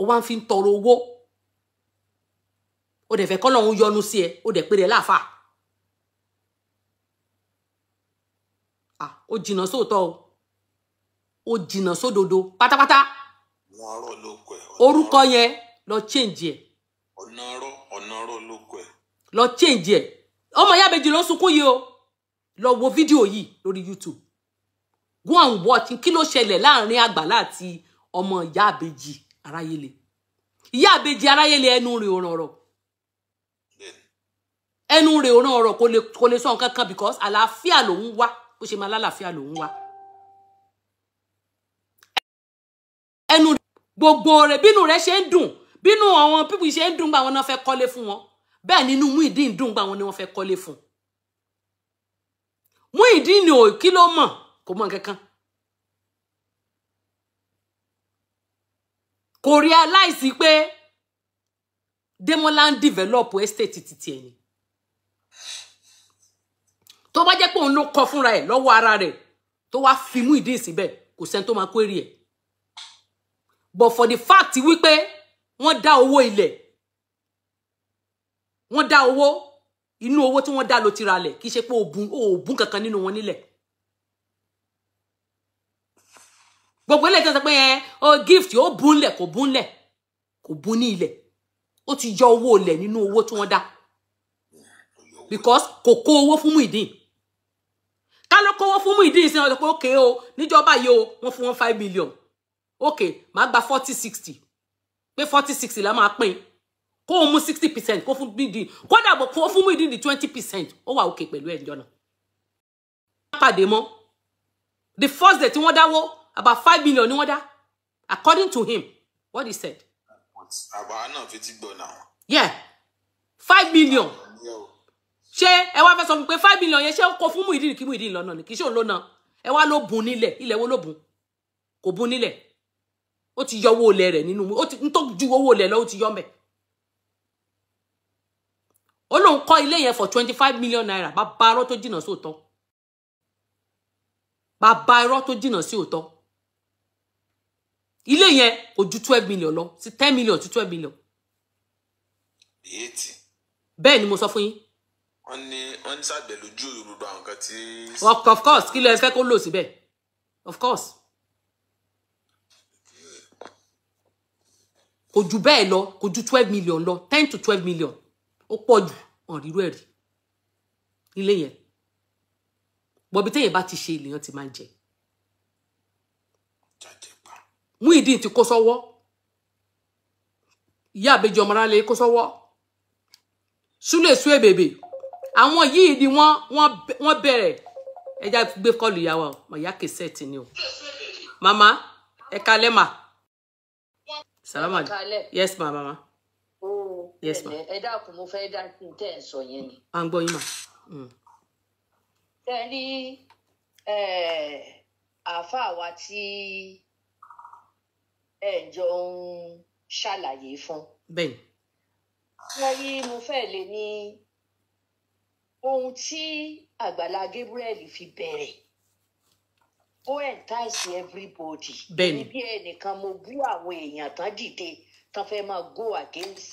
o wá ń fi tọrọ owó o dẹ̀ fẹ́ kọ́ lọ́hún yọnu sí ẹ o dẹ̀ pé rẹ̀ O jìnnà sóòótọ́ o ó jìnnà sódodo pátápátá orúkọ yẹn lọ change ẹ̀ lọ change ẹ̀ ọmọ ya méjì ló sunkún yìí o lọ wo fídíò yìí lórí YouTube go and watch kí ló ṣẹlẹ̀ láàrin àgbàlá àti ọmọ ìyá àbèjì aráyélé ìyá àbèjì aráyélé ẹnu rẹ̀ ò rọrọ ẹnu rẹ̀ ò rọrọ kò lè sọ nǹkan kan because àlàáfíà lòún wá bó ṣe máa lálàáfíà lòun wá. ẹnu gbogbo rẹ bínú rẹ ṣe ń dùn bínú àwọn pípì ṣe ń dùn gbà wọn náà fẹ́ kọ́lé fún wọn bẹ́ẹ̀ nínú Muyideen ń dùn gbà wọn ni wọ́n fẹ́ kọ́lé fún Muyideen ni ò kí ló mọ̀ kò mọ̀ kankan. kò realize pé Demola develop estate títí ẹni tó bá jẹ́ pé òun ló kọ fúnra ẹ̀ lọ́wọ́ ara rẹ̀ tó wá fi mú ìdí síbẹ̀ kò sẹ́ni tó máa query ẹ̀ but for the fact wípé wọ́n dá owó ilẹ̀ wọ́n dá owó inú owó tí wọ́n dá ló ti ralẹ̀ kì í ṣe pé òògùn òògùn kankan nínú wọn nílẹ̀ gbogbo ilé ìjọsìn pé ẹ ọ gift ó búnlẹ̀ kò búnlẹ̀ kò bún ní ilẹ̀ ó ti yọ owó ilẹ̀ nínú owó tí wọ́n dá because kò kó owó fún Muyideen ta ló kówó fún Muyideen sí ọjọ́ pé ókè o níjọba yìí o wọ́n fún wọn five million ókè máa gba forty sixty pé forty sixty la máa pín kó o mú sixty percent kó fún Muyideen kódà bò kó fún Muyideen ní twenty percent ó wà òkè pẹ̀lú ẹ̀ níjọ́ náà. wọ́n pàdé mọ́ the first day tí wọ́n dáwó about five million ni wọ́n dá according to him what he said. àbá náà fi ti gbọ́ náà. yeah five million. Yeah ṣé ẹ wá fẹ́ sọ pé five million yẹn ṣé ó kó fún Muyideen kí Muyideen lọ́nà ni kì í ṣe òun ló na ẹ wá ló bùn nílẹ̀ ilẹ̀ wo ló bùn kò bùn nílẹ̀ ó ti yọ owó olè rẹ̀ nínú ó ti tó ju owó olè lọ ó ti yọ mẹ́ ó lóun kọ́ ilé yẹn for twenty five million naira bàbá arọ́ tó jìnnà sí òótọ́ bàbá arọ́ tó jìnnà sí òótọ́ ilé yẹn kò ju twelve million lọ sí ten million to twelve million. bẹ́ẹ̀ ni mo sọ fún yín wọ́n ní wọ́n ní sàgbẹ̀ lójú gbogbo àwọn kan tí. of course kí ló ẹ fẹ́ kó lò síbẹ̀ of course. kò ju bẹ́ẹ̀ lọ kò ju twelve million lọ ten to twelve million ó pọ̀ jù hàn rírú ẹ̀rí ilé yẹn bọ̀bí téèyàn bá ti ṣe ènìyàn ti máa ń jẹ Muyideen ti kó sọ́wọ́ ìyá àbejì ọmọ aráàlẹ kó sọ́wọ́ Sule Suebebe àwọn yìí ni wọ́n wọ́n bẹ̀rẹ̀ ẹja gbé kọlù ìyá wa ọ̀yá kẹsẹ̀tì ni o màmá ẹ kalẹ́ mà salama yes ma màmá yes ma. ẹ dákun mo fẹ́ dá sí tẹ́ ẹ sọ yẹn ni. à ń gbọ́ yín mà. tẹ́ mm. ní àáfàá wa tí ẹ jọ ń ṣàlàyé fún. bẹ́ẹ̀ ni. wọ́n yí mo fẹ́ lè ní ohun tí àgbàlá Gabriel fi bẹ̀rẹ̀ ó entice everybody bẹ́ẹ̀ni bí ẹnìkan mo bú àwọn èèyàn tán dìde tán fẹ́ máa go against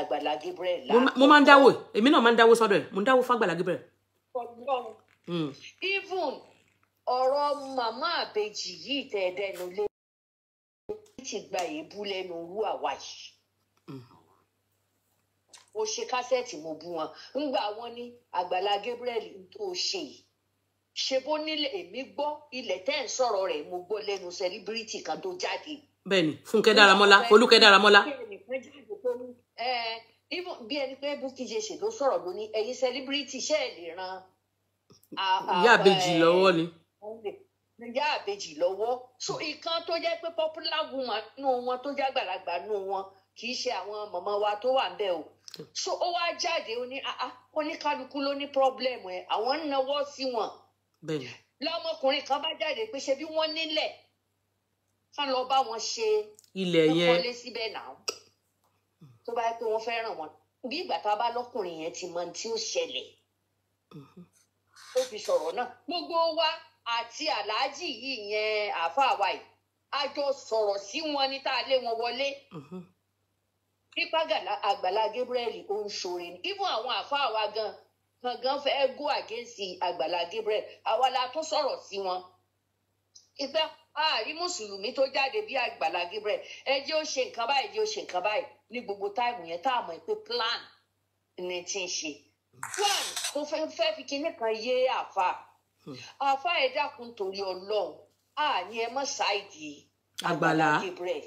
àgbàlá Gabriel láàpọ̀ mo máa ń dáwó èmi náà máa ń dáwó sọ́dọ̀ ẹ̀ mo ń dáwó fún àgbàlá Gabriel. Mm. even ọ̀rọ̀ màmá àbèjì yìí tẹ̀ ẹ́ dẹnu lé ti gba èébú lẹ́nu irú àwa yìí. Mm o ṣe kásẹ̀tì mo bú wọn ńgbà wọn ní àgbàlá Gabriel tó ṣe yìí ṣe bó nílẹ̀ èmi gbọ́ ilẹ̀ tẹ́ ẹ̀ ń sọ̀rọ̀ rẹ̀ mo gbọ́ lẹ́nu sẹlíbírìtì kan tó jáde. bẹ́ẹ̀ni Fúnkẹ́ Dáramọ́lá Olúkẹ́ Dáramọ́lá. bí ẹni pé Bukky Jesse ló sọ̀rọ̀ lóní ẹ̀yin sẹlíbírìtì ṣe é lè ran. ìyá àbejì lọ́wọ́ ni ìyá àbejì lọ́wọ́ so ìkan tó jẹ́ pé popular woman nù wọn tó jẹ́ àgbàlagbà nù wọn kì í ṣe àwọn mọ̀mọ́ wa tó wà ń bẹ̀ o so ó wá jáde ó ní oníkálukú ah, ah. ló ní pọ́blẹ́mù ẹ̀ àwọn ń nawọ́ sí wọn lọ́mọkùnrin kan bá jáde pé ṣe bí wọ́n nílẹ̀ kán lọ bá wọn ṣe ilẹ̀ yẹn kọ́lé síbẹ̀ náà tó bá yẹ pé wọ́n fẹ́ràn wọn bí ìgbà tá a bá lọ́kùnrin yẹn ti mọ tí ó ṣẹlẹ̀ mhm. ó fi sọ̀rọ̀ náà gbogbo wa àti aláàjì yìí yẹn àáfàá wa yìí a jọ sọ̀rọ̀ sí wọn ní tá a lé wọn wọlé. mm pípa àgbàlá Gabriel ó ń ṣore ni even àwọn àfáà wa gan gangan fẹ́ẹ́ go against àgbàlá Gabriel àwa la tún sọ̀rọ̀ sí wọn ìgbà àárí mùsùlùmí tó jáde bí àgbàlá Gabriel ẹ jẹ́ ó ṣe nǹkan báyìí ẹ jẹ́ ó ṣe nǹkan báyìí ní gbogbo táìmù yẹn tá a mọ̀ pé plan ni ti ń ṣe plan tó fẹ́ fẹ́ fi kinní kan yé àfa hmm. àfa ẹ dákun torí Ọlọ́run àní ẹ mọ̀ ṣáìdì àgbàlá Gabriel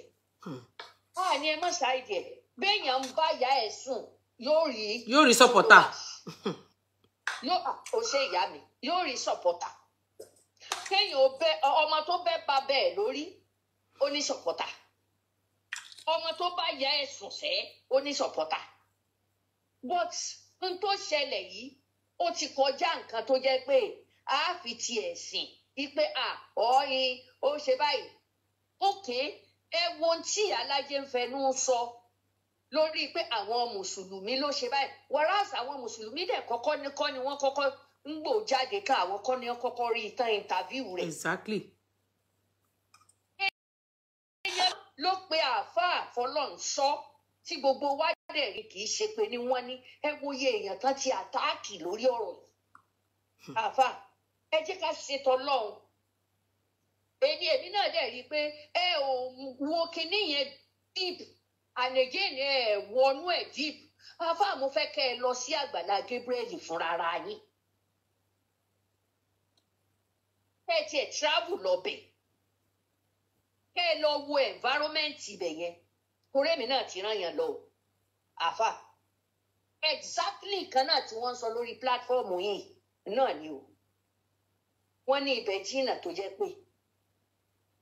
àní hmm. ẹ mọ̀ ṣáìdì ẹ̀ béèyàn ń bá ìyá ẹ̀ sùn yóò rí. yóò rí sọpọta. yóò ò ṣe ìyá mi yóò rí sọpọta kéèyàn ó bẹ ọmọ tó bẹ ba bẹ́ẹ̀ lórí ó ní sọpọta ọmọ tó bá ìyá ẹ̀ sùn sẹ ó ní sọpọta but n tó ṣẹlẹ̀ yìí ó ti kọjá nǹkan tó jẹ́ pé a fi ti ẹ̀sìn wípé à ọ̀yin ó ṣe báyìí ókè ẹ wo ohun tí alájẹ ń fẹnu sọ. So lórí pé àwọn mùsùlùmí ló ṣe báyìí whereas àwọn mùsùlùmí dẹ̀ kọ́kọ́ ní kọ́ ni wọ́n kọ́kọ́ ń gbò jáde ká àwọn kọ́ ni wọ́n kọ́kọ́ rí tán interview rẹ̀. exactly. èèyàn ló pe àáfàá fọlọ́nṣọ́ tí gbogbo wa dẹ̀ rí kì í ṣe pé ni wọ́n ní ẹ wo iye èèyàn kan ti àtáàkì lórí ọ̀rọ̀ yìí. Hmm. àáfàá ẹ jẹ́ ká ṣetán lọ́hùn. èmi èmi náà dẹ̀ rí i pé ẹ ò wo kinní yẹn deep And again, ẹ̀ eh, wọnú ẹ̀ deep bàbá mo fẹ́ kẹ́ ẹ lọ sí àgbàlá Gabriel fúnra yín kẹ́ ẹ tiẹ̀ travel lọ́bẹ̀ kẹ́ ẹ lọ wo environment ibẹ̀ yẹn kórèmí náà ti rán yẹn lọ o exactly kan náà tí wọ́n ń sọ lórí platform yìí náà ni o wọ́n ní ibẹ̀ jìnnà tó jẹ́ pé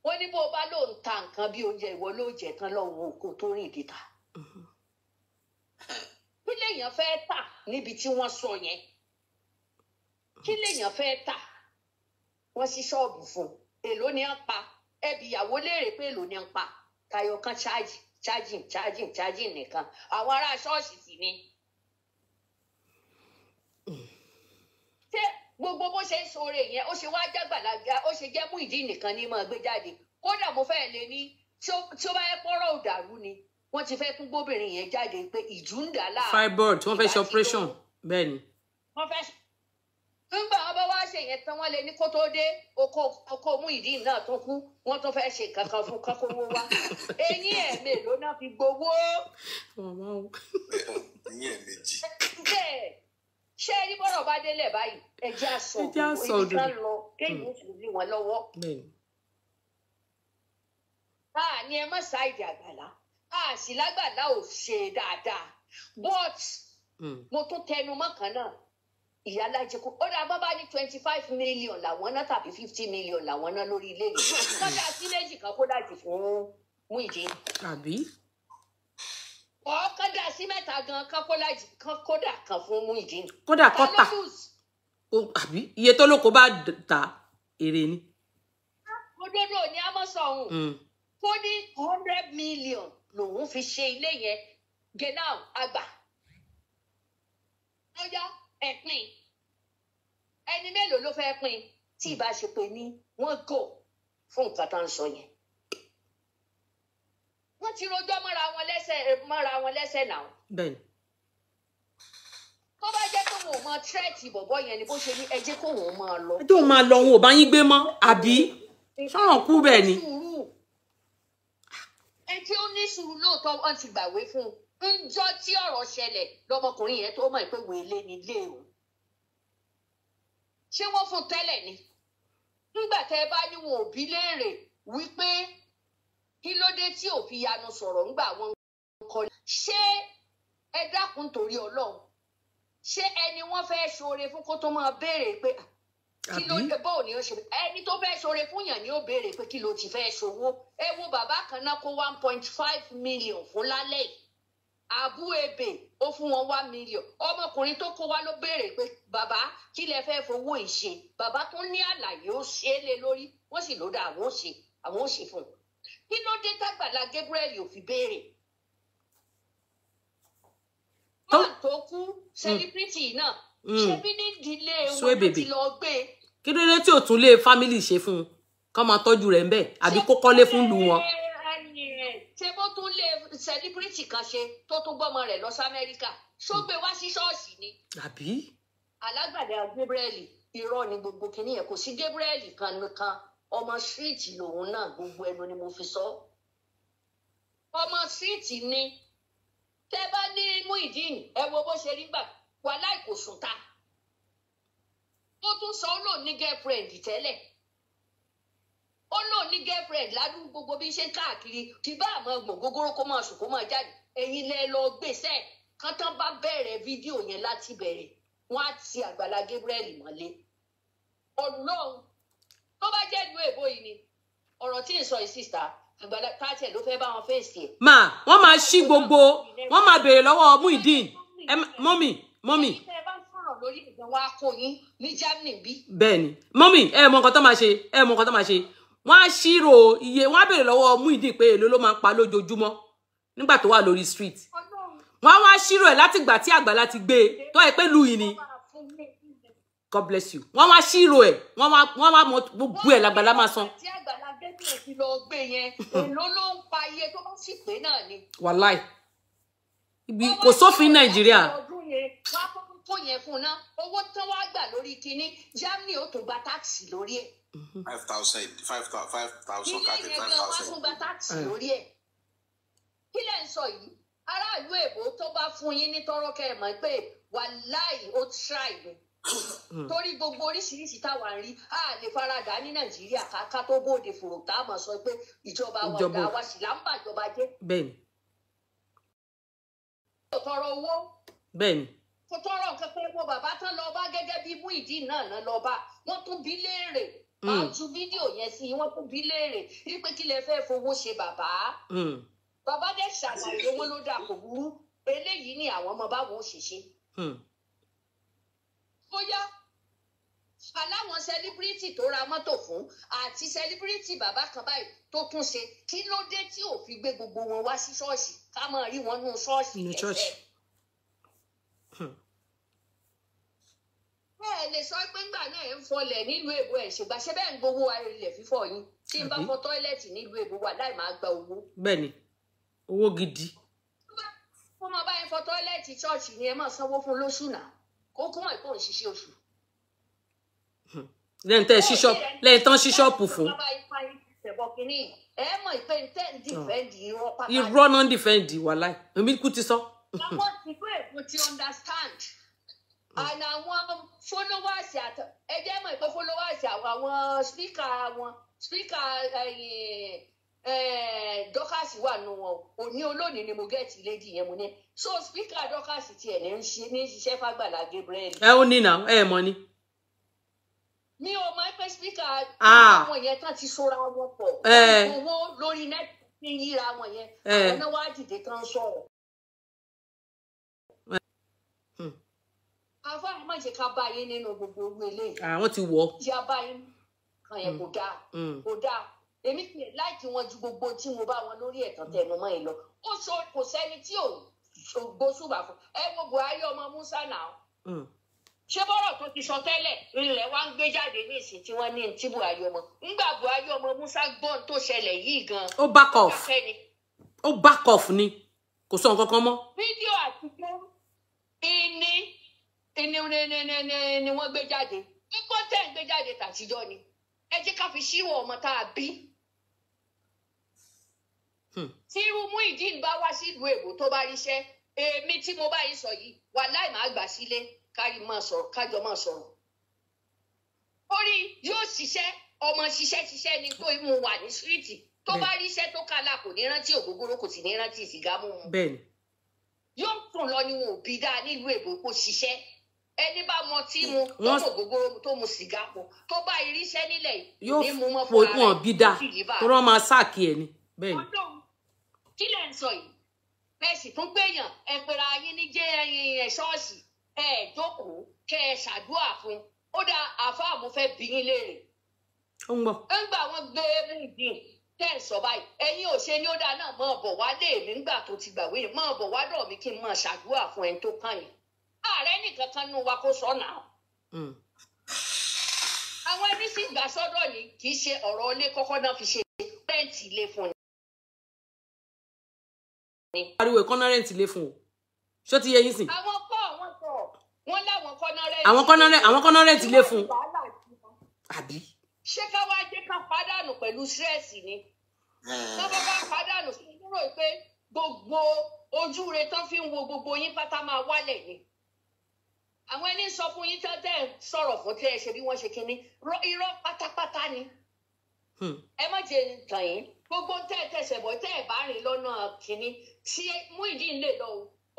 wọ́n ní bó o bá lóun ta nǹkan bí oúnjẹ ìwọ ló jẹ tán lọ́wọ́ oko tó rìn dìtà mm-hmm. kí lèèyàn fẹ́ tà níbi tí wọ́n sọ yẹn kí lèèyàn fẹ́ tà wọ́n ṣí ṣọ́ọ̀bù fún èló ni à ń pa ẹbí ìyàwó léèrè pé èló ni à ń pa tayọ kan ṣáàjì ṣáàjì ṣáàjì ṣáàjì nìkan àwọn ará ṣọ́ọ̀ṣì sì ni. Mm gbogbo bó ṣe ń ṣoore yẹn ó ṣe wá jágbàlagbà ó ṣe jẹ́ Muyideen nìkan ní máa gbé jáde kódà mo fẹ́ lè ní tí ó bá yẹ pọ́rọ̀ ò dàrú ni wọ́n ti fẹ́ tún gbóbìnrin yẹn jáde pé ìjú ń dà láàbù. fibroid wọ́n fẹ́ ṣe operation bẹ́ẹ̀ ni. wọ́n fẹ́ nígbà wọn bá wá ṣe yẹn tán wọ́n lè ní kó tó dé oko Muyideen náà tó kú wọ́n tó fẹ́ ṣe kankan fún kankanwó wá eyín ẹ̀ mélòó náà fi gbowó. eyín ẹ̀ méjì. bẹ́ẹ̀ ṣé ẹ rí bọ́rọ̀ bá délẹ̀ báyìí ẹ jẹ́ àṣọ òdòdó ibi ká lọ hmm. kéyìn ó sì wọn lọ́wọ́. a ní ẹ má ṣáìdì àgbàlá a sì lágbàlá ò ṣe dáadáa but hmm. mo tún tẹnu mọ́kàn náà ìyá alájẹ kó ó dàgbà bá ní twenty five million làwọn náà tàbí fifty million làwọn náà lórí ilé yìí kọ́dà sí méjì kan kó dàjù fún mú ìdí ọ̀ọ́kán dà sí mẹ́ta gan kan kódà kan fún Muyideen. kódà kan tà àbí iye tó lóko bá ta èrè ni. òdodo ni a mọ̀ sọ òun kó hmm. ní hundred million lòun fi ṣe ilé yẹn genau àgbà lọ́yà ẹ̀pin ẹni mélòó ló fẹ́ pín tí ìbá ṣe pé ní wọ́n gò fún nǹkan tá ń sọ yẹn wọ́n ti rojọ́ mọ́ra wọn lẹ́sẹ̀ eh, mọ́ra wọn lẹ́sẹ̀ náà. bẹ́ẹ̀ni. tó bá jẹ́ pé wọn ò mọ tírẹ̀tì bọ̀bọ̀ yẹn ni bó ṣe ní ẹ jẹ́ kó wọn máa lọ. ẹ tó máa lọ wọn ò bá yín gbé mọ́ àbí sọ̀rọ̀ kú bẹ́ẹ̀ ni. ẹ ó ní sùúrù lóòótọ́ wọ́n ti gbàwé fún un ńjọ́ tí ọ̀rọ̀ ṣẹlẹ̀ lọmọkùnrin yẹn tó mọ̀ pé wèlé ni ilé òun ṣé wọ́n fún tẹ́lẹ̀ ni nígbà tẹ́ ẹ bá ní wọn òbí léèrè wípé kí ló dé tí ò fi yanu sọ̀rọ̀ ńgbà wọn kọ ni. ṣé ẹ dákun torí ọlọ́run ṣé ẹni wọ́n fẹ́ ṣoore fún kó tó máa béèrè pé kí ló dé bó ni ó ṣe ẹni tó fẹ́ ṣoore fún yàn ni ó béèrè pé kí ló ti fẹ́ ṣòwò ẹ wo bàbá kan náà kó one point five million fún lálẹ́ yìí àbú ebè ó fún wọn one million ọmọkùnrin tó kó wá ló béèrè pé bàbá kí lẹ fẹ́ fowó ìṣe bàbá tó ní àlàyé ó ṣe é lé lórí wọ́n sì ló dá àwọn ò ṣe àwọn ò ṣe fún un kí ló dé tàgbàlá Gabriel ò fi béèrè máa tó kú sẹlíbírìtì mm. náà mm. ṣebí ní ìdílé wọn ló ti lọ gbé. E? kí ló dé tí ò tún lé fámìlì ṣe fún un kán máa tọ́jú rẹ̀ ńbẹ̀ àbí kó kọ́lé fún lu wọn. ṣé bó eh, eh, tún lé sẹlíbírìtì kan ṣe tó tún gbọ́mọ rẹ̀ lọ sí Amẹ́ríkà ṣó mm. gbé wá sí ṣọ́ọ̀ṣì ni. àbí. alágbàdà Gabriel irọ́ ni gbogbo kìnìyẹn kò sí Gabriel kan kan ọmọ síìtì lòun náà gbogbo ẹnu ni mo fi sọ ọmọ síìtì ni tẹ bá ní Muyideen ẹ wo bó ṣe rí gbà wà láì kò sùn ta ó tún sọ ó lò ní girlfriend tẹ́lẹ̀ ó lò ní girlfriend ládùúgbò gbogbo bí ṣe ń káàkiri kì bá àmọ́ gbọ̀n gógóró kó máa sùn kó máa jáde ẹ̀yin lẹ lọ gbèsè kán bá bẹ̀rẹ̀ fídíò yẹn láti bẹ̀rẹ̀ wọ́n á ti Àgbàlá Gabriel mọ́lé ọlọ́run tó bá jẹ́ ìlú èbó yìí ni ọ̀rọ̀ tí ń sọ yìí sísà Àgbàlá Gabriel ló fẹ́ bá wọn fèsì ẹ̀. mà wọ́n máa ṣí gbogbo wọ́n máa béèrè lọ́wọ́ Muyideen mọ́mì mọ́mì. bẹ́ẹ̀ni mọ́mì ẹ mọ nǹkan tó máa ṣe ẹ mọ nǹkan tó máa ṣe wọ́n á ṣírò iye wọ́n á béèrè lọ́wọ́ Muyideen pé èló ló máa pa lójoojúmọ́ nígbà tó wà lórí street wọ́n á wá ṣírò ẹ̀ látìgbà tí àgbàlá ti gbé e, tó ẹ pé lùyìn ni. God bless you. Wọ́n wá ṣírò ẹ̀, wọ́n wá wọ́n wá mọ gbogbo ẹ̀ làgbàlá máa san. Tí àgbàlá bẹ́ẹ̀ tó fi lọ gbé yẹn, èló ló ń pa iye tó bá sì pé náà ni. Wàláì, ibi kò sófin Nàìjíríà. Ọdún yẹn, wọ́n á kọ́kọ́ yẹn fún un owó tán wá gbà lórí kinní, Germany ó tó gba táàkì lórí ẹ̀. Mhm. Five thousand, five thousand, five thousand, thirty five thousand. yẹn gan wá tún gba táàkì eh. lórí ẹ̀. Kí lẹ̀ ń sọ yìí? Aráàlú Èbó tó bá fún yín ní tọ́rọ́kẹ́ mọ̀ pé wàláì ó Hmm. torí gbogbo oríṣiríṣi táwa ń rí a lè faradà ní nàìjíríà ká tó bóde fòrò tá a máa sọ pé ìjọba wa dá wa sì là ń bàjọba jẹ́. bẹ́ẹ̀ni. kò tọrọ owó. bẹ́ẹ̀ni. kò tọrọ nǹkan pé wọn bàbá tán lọ bá gẹ́gẹ́ bí Muyideen náà náà lọ bá wọn tún bí léèrè hmm. máa tu fídíò yẹn sí wọn tún bí léèrè rí pé kí lẹ fẹ́ fowó ṣe bàbá. Hmm. bàbá dẹ̀ ṣàlàyé owó ló dà kò burú eléyìí ni àwọn ọmọ báwo ṣe ṣe bóyá aláwọn sẹlíbírítì tó ra mọ́tò fún àti sẹlíbírítì bàbá kan báyìí tó tún ṣe kí ló dé tí ò fi gbé gbogbo wọn wá sí ṣọ́ọ̀ṣì ká máa rí wọn nú ṣọ́ọ̀ṣì ẹ̀fẹ́. bẹ́ẹ̀ hmm. lè sọ pé ńgbà náà ẹ̀ ń fọlẹ̀ nílùú èbó ẹ̀ ṣùgbọ́n ṣé bẹ́ẹ̀ ń gbowó ilẹ̀ fífọ́ yín tí n bá fọ tọ́ílẹ̀tì nílùú èbó wà láì máa gba owó. bẹ́ẹ̀ni owó gidi. wọ́n máa bá yín fọ tọ́ílẹ̀tì ṣọ́ọ̀ṣì ni ẹ máa sanwó fún lóṣù náà ó kún mọ̀ ìkóhùn ṣiṣẹ́ oṣù. Hmm. lẹ́yìn tẹ́ ṣíṣọ́ọ̀pù lẹ́yìn tán ṣíṣọ́ọ̀pù fún. ẹ mọ̀ ìfẹ́ ìfẹ́ dìfẹ́ǹdì irọ́ pátá. irọ́ náà dìfẹ́ǹdì wàláì èmi kú ti sọ. àwọn tìlú èkó ti understand hmm. and àwọn followers ẹ jẹ́ mọ̀ ìpè followers àwọn speaker àwọn speaker eh, Eh, dọ́kàsì wà nù wọn òní olónìí ni mo gẹ̀ẹ́tì lédi yẹn mo ní so spíkà dọ́kàsì tiẹ̀ ní ní ṣiṣẹ́ fàgbàlá Gabriel. ẹ ó ní nà ẹ mọ ni. mi ò máa ń pẹ́ spíkà àwọn yẹn tán ti sora wọn pọ̀ eh. owó lórí nẹ́ẹ̀tì yíra wọn yẹn eh. àwọn náà wá dìde tán sọ̀rọ̀. àwa má jẹ́ ká bá yín nínú gbogbo owó eléyìí. àwọn ah, ti wọ̀. ìyá bá yín kan hmm. yẹn hmm. kò dáa kò dáa èmi fi láìkí wọn ju gbogbo tí mo bá wọn lórí ẹ̀tàn tẹnu mọ́ ẹ lọ ó sọ kò sẹ́ni tí ò gbósùbà fún ẹ wo Buhari ọmọ Musa náà mm. ṣé bọ́rọ̀ tó ti sọ tẹ́lẹ̀ ilẹ̀ wa ń gbé jáde ní ìsìn tí wọ́n ní ti Buhari ọmọ ńgbà Buhari ọmọ Musa gbọ́n tó ṣẹlẹ̀ yìí gan. ó back off ó back off ni kò sọ nǹkan kan mọ́. fídíò àtúntò ìní ìní ni wọ́n gbé jáde ipò tẹ̀ ń gbé jáde tàtijọ́ ni ẹ jẹ́ ká fi ṣíwọ̀ ọmọ tá a bí. Hmm. tí irú Muyideen bá wá sílùú èbó tó bá ríṣẹ́ èmi tí mo bá yìí sọ yìí wà láì máa gbà sílé kárí máa sọ̀rọ̀ kájọ máa sọ̀rọ̀ orí yóò ṣiṣẹ́ ọmọ ṣiṣẹ́ ṣiṣẹ́ ni tó mú wà ní síríìtì tó bá ríṣẹ́ tó kálá kò ní rántí ògógóró kò sì ní rántí sìgá mímu yóò sùn lọ ni wọn ò bí dáa nílùú èbó kó ṣiṣẹ́ ẹni bá mọ tí hmm. mu tó mọ gbogbo tó mu sìgá pọ tó bá iríṣẹ nílẹ̀ yìí ní mu mọ fún ara yóò fò wọn bí dáa tó rán máa sáàkì ẹ ni bẹ́ẹ̀ ni kí lẹ ń sọ yìí ẹ sì tún gbèyàn ẹ pera yín ní jẹ ẹ ṣọ́ọ̀ṣì ẹ jókòó kẹ ẹ ṣàdúrà fún ó dá àáfàá mo fẹ́ bí yín léèrè. ó ń gbọ́. ń gbà wọn gbé Muyideen tẹ́ ẹ̀ sọ báyìí ẹ̀yin ò ṣe ní ó dáa náà máa bọ̀ wá lé mi ńgbà tó ti gbàwé yìí máa bọ̀ wá dọ̀ mí kí n máa ṣàdúrà fún ẹni tó kàn yín ààrẹ nìkan kan nú wa kó sọ náà. Hmm. àwọn ẹni sì gbà sọ́dọ̀ ni kì í ṣe ọ̀rọ̀ ilé kọ́kọ́ náà fi ṣe pariwo ìkọ́nọ́rẹ́ǹtì lé fún o ṣó ti yẹ yín sìn. àwọn kọ́ àwọn kọ́ wọ́n láwọn kọ́nọ́rẹ́ǹtì. àwọn kọ́nọ́rẹ́ǹtì àwọn kọ́nọ́rẹ́ǹtì lé fún. àbí. ṣé ká wá jẹ́ ká pàdánù pẹ̀lú sírẹ́ẹ̀sì ni. tó bá bá pàdánù sí ìdúró pé gbogbo ojú rẹ tán fi wo gbogbo yín pátá máa wálẹ̀ ni. àwọn ẹni sọ fún yín tán tẹ́ sọ̀rọ̀ fún tẹ́ ẹ ṣe bí wọ́n ṣe kinní irọ́ pátápátá ni. Hmm. ẹ má jẹ́ tàn yín gbogbo tẹ́ ẹ tẹ̀sẹ̀ bọ̀ tẹ́ ẹ bá rìn lọ́nà kínní tí Muyideen lè lọ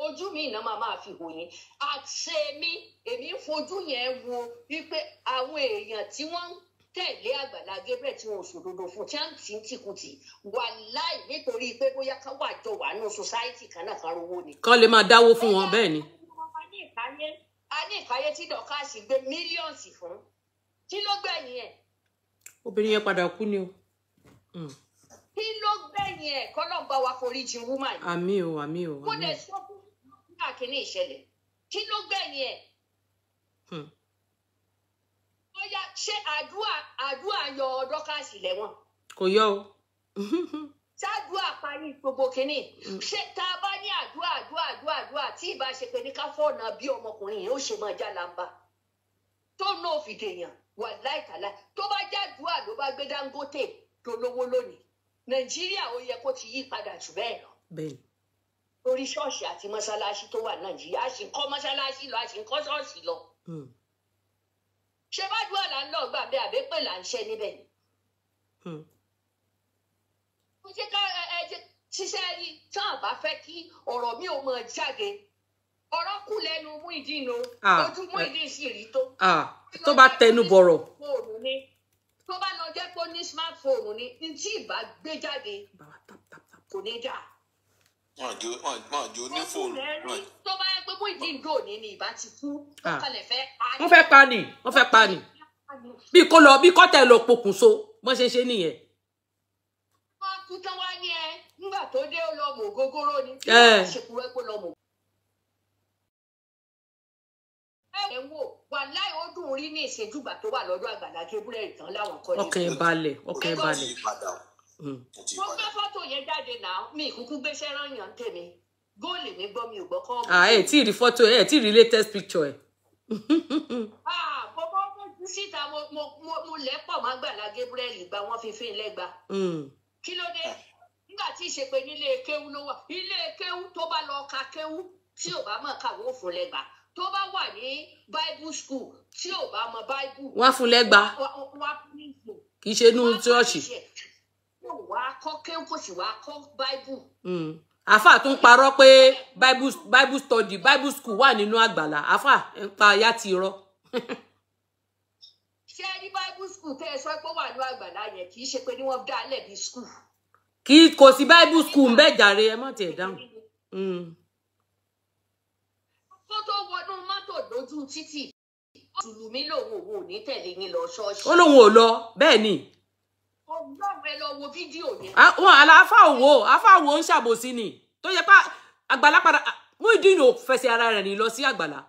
ojú mi iná máa máa fi wò yín àṣẹ mi èmi ń fojú yẹn wo wípé àwọn èèyàn tí wọ́n ń tẹ̀lé Àgbàlá Gabriel tí wọn ò ṣòdodo fún tí a ń tì ń tìkùtì wà láì nítorí pé bóyá ká wà jọ wà nínú society kan náà kan rówó ni. kọ́ lè máa dáwó fún wọn bẹ́ẹ̀ ni. a ní ìkáyé tí dọ́kàsì gbé mílíọ̀nsì fún kí ló gbẹ̀yìn ẹ̀. obìnrin yẹn padà kú ni o. Mm kí ló gbẹ̀yìn ẹ̀ kọ́lọ́ọ̀bá wa foríjì wúmà yìí. àmì o àmì o. mo lè sọ fún nígbà kíní ìṣẹ̀lẹ̀ kí ló gbẹ̀yìn ẹ̀. Hmm. bóyá ṣé àdúrà àdúrà yọ dọ́kàsì lẹ́wọ̀n. kò yọ o. ṣáàdúrà parí gbogbo kíní hmm. ṣé tá a bá ní àdúrà àdúrà àdúrà àdúrà tí ìbá ṣe pé ní ká fọ̀nà bí ọmọkùnrin yẹn ó ṣe máa já lamba tó náà fìdèèyàn wà láìkàlà tó bá jádùúà ló bá gbé Dangote tó lówó lónìí nàìjíríà ó yẹ kó ti yí padà jù bẹ́ẹ̀ lọ. lórí ṣọ́ọ̀ṣì àti mọ́ṣáláṣí tó wà nàìjíríà a sì ń kọ́ mọ́ṣáláṣí lọ a sì ń kọ́ ṣọ́ọ̀ṣì lọ. Hmm. ṣé bájú ọ̀la ń lọ gbà bẹ́ẹ̀ àbẹ́ pè là ń ṣẹ́ níbẹ̀ ni. Hmm. mo jẹ́ ká ẹ jẹ́ ṣiṣẹ́ rí tán àbá fẹ́ kí ọ̀rọ̀ mi ò mọ̀ jáde ọ̀rọ̀ kù lẹ́nu Muyideen o ah. ojú Muyideen sì rí tó. Ah. tó bá tẹnu bọ̀rọ̀ tó bá lọ jẹ́ pé ní smartphone ni ní tí ìbá gbé jáde kò ní dà. wọn àjò wọn àjò ní fóònù. tó bá yẹ pé mú ìdí ìdó ní ni ìbá ti kú ah. wọn kàlẹ̀ fẹ́ pa ni. wọ́n fẹ́ pa ni wọ́n fẹ́ pa ni bí kò lọ bí kọ́tẹ̀ lọ pokùnso wọ́n ṣe ṣe nìyẹn. wọ́n kú tán wá ní ẹ nígbà tó dé ó lọ mọ̀ gógóró ni. Eh. ṣèkúrẹ́ pé lọ mọ̀. ẹ wò wàláì ó dùn rí ní ìṣèjúgbà tó wà lọ́dọ̀ àgbàlá kébúrẹ́ ìtàn láwọn kọ́ni. ọkẹ́ balẹ̀ ọkẹ́ balẹ̀. Mm. mo gbé fọ́tò yẹn jáde náà mi ìkúkú gbéṣẹ́ rányàn tèmi góòlì mi gbọ́ mi ò gbọ́ kọ́. à ah, ẹ tí ì rí fọ́tò ẹ tí ì rí latest picture ẹ. Ah, mo mọ ojú síta mo lẹ́pọ̀ má gbàlá Gabriel gba wọ́n fi fín lẹ́gba. Mm. kí ló dé nígbà tí ìṣèpè nílé kéwú ló wà ilé kéwú tó bá lọ ka kéwú tí ò bá mọ̀ káwọ́ òfin tó bá wà ní bible school tí ò bá mọ bible. wọ́n á fún lẹ́gba kì í ṣe inú ṣọ́ọ̀ṣì. wà á kọ́ kéwòn sì wà á kọ́ bible. Hmm. àáfàá tún parọ́ pé bible study bible school wà nínú àgbàlá àáfàá ń pa ayá ti rọ. ṣé ní bible school tẹ́ ẹ sọ pé ó wà nínú àgbàlá yẹn kì í ṣe pé ni wọ́n dá lẹ̀ school. kì í kò sí bible school ń bẹ́ẹ̀ jàre ẹ má tiẹ̀ dáhùn kó tó wọnú mọ́tò lójú títì mùsùlùmí lòun ò ní tẹ̀lé yín lọ ṣọ́ọ̀ṣì. ó lóun ò lọ bẹ́ẹ̀ ni. ọgbọ́n ẹ lọ wo fídíò yẹn. wọn àlàáfà òwò àfà òwò ń ṣàbòsí ni tó yẹ pa àgbàlá padà mú ìdíyàn fẹsẹ̀ ara rẹ̀ ní lọ sí àgbàlá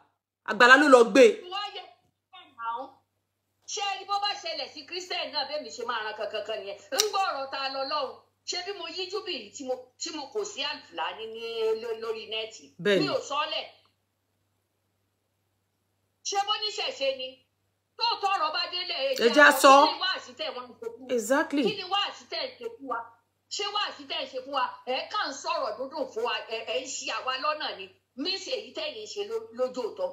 àgbàlá ló lọ gbé. ṣé bó bá ṣẹlẹ̀ sí kírísítẹ́nì náà bẹ́ẹ̀ mi ṣe máa ran kankan kan yẹn ń gbọ́ ọ̀rọ̀ ta lọ lọ́hùn ṣé bí mo yíjú bì tí mo kò sí àǹfààní lórí nẹ́ẹ̀tì mi ò sọ́lẹ̀ ṣé bó ní ṣẹ̀ṣẹ̀ ni tó tọrọ bá délé ẹjẹ sọ kí ni wá àṣìtẹ wọn ṣe fún wa kí ni wá àṣìtẹ ṣe fún wa ṣé wá àṣìtẹ ṣe fún wa ẹ kàn sọ̀rọ̀ dúndùn fún wa ẹ ń ṣe àwa lọ́nà ni mísì èyí tẹ̀yìn ṣe lójóòtọ́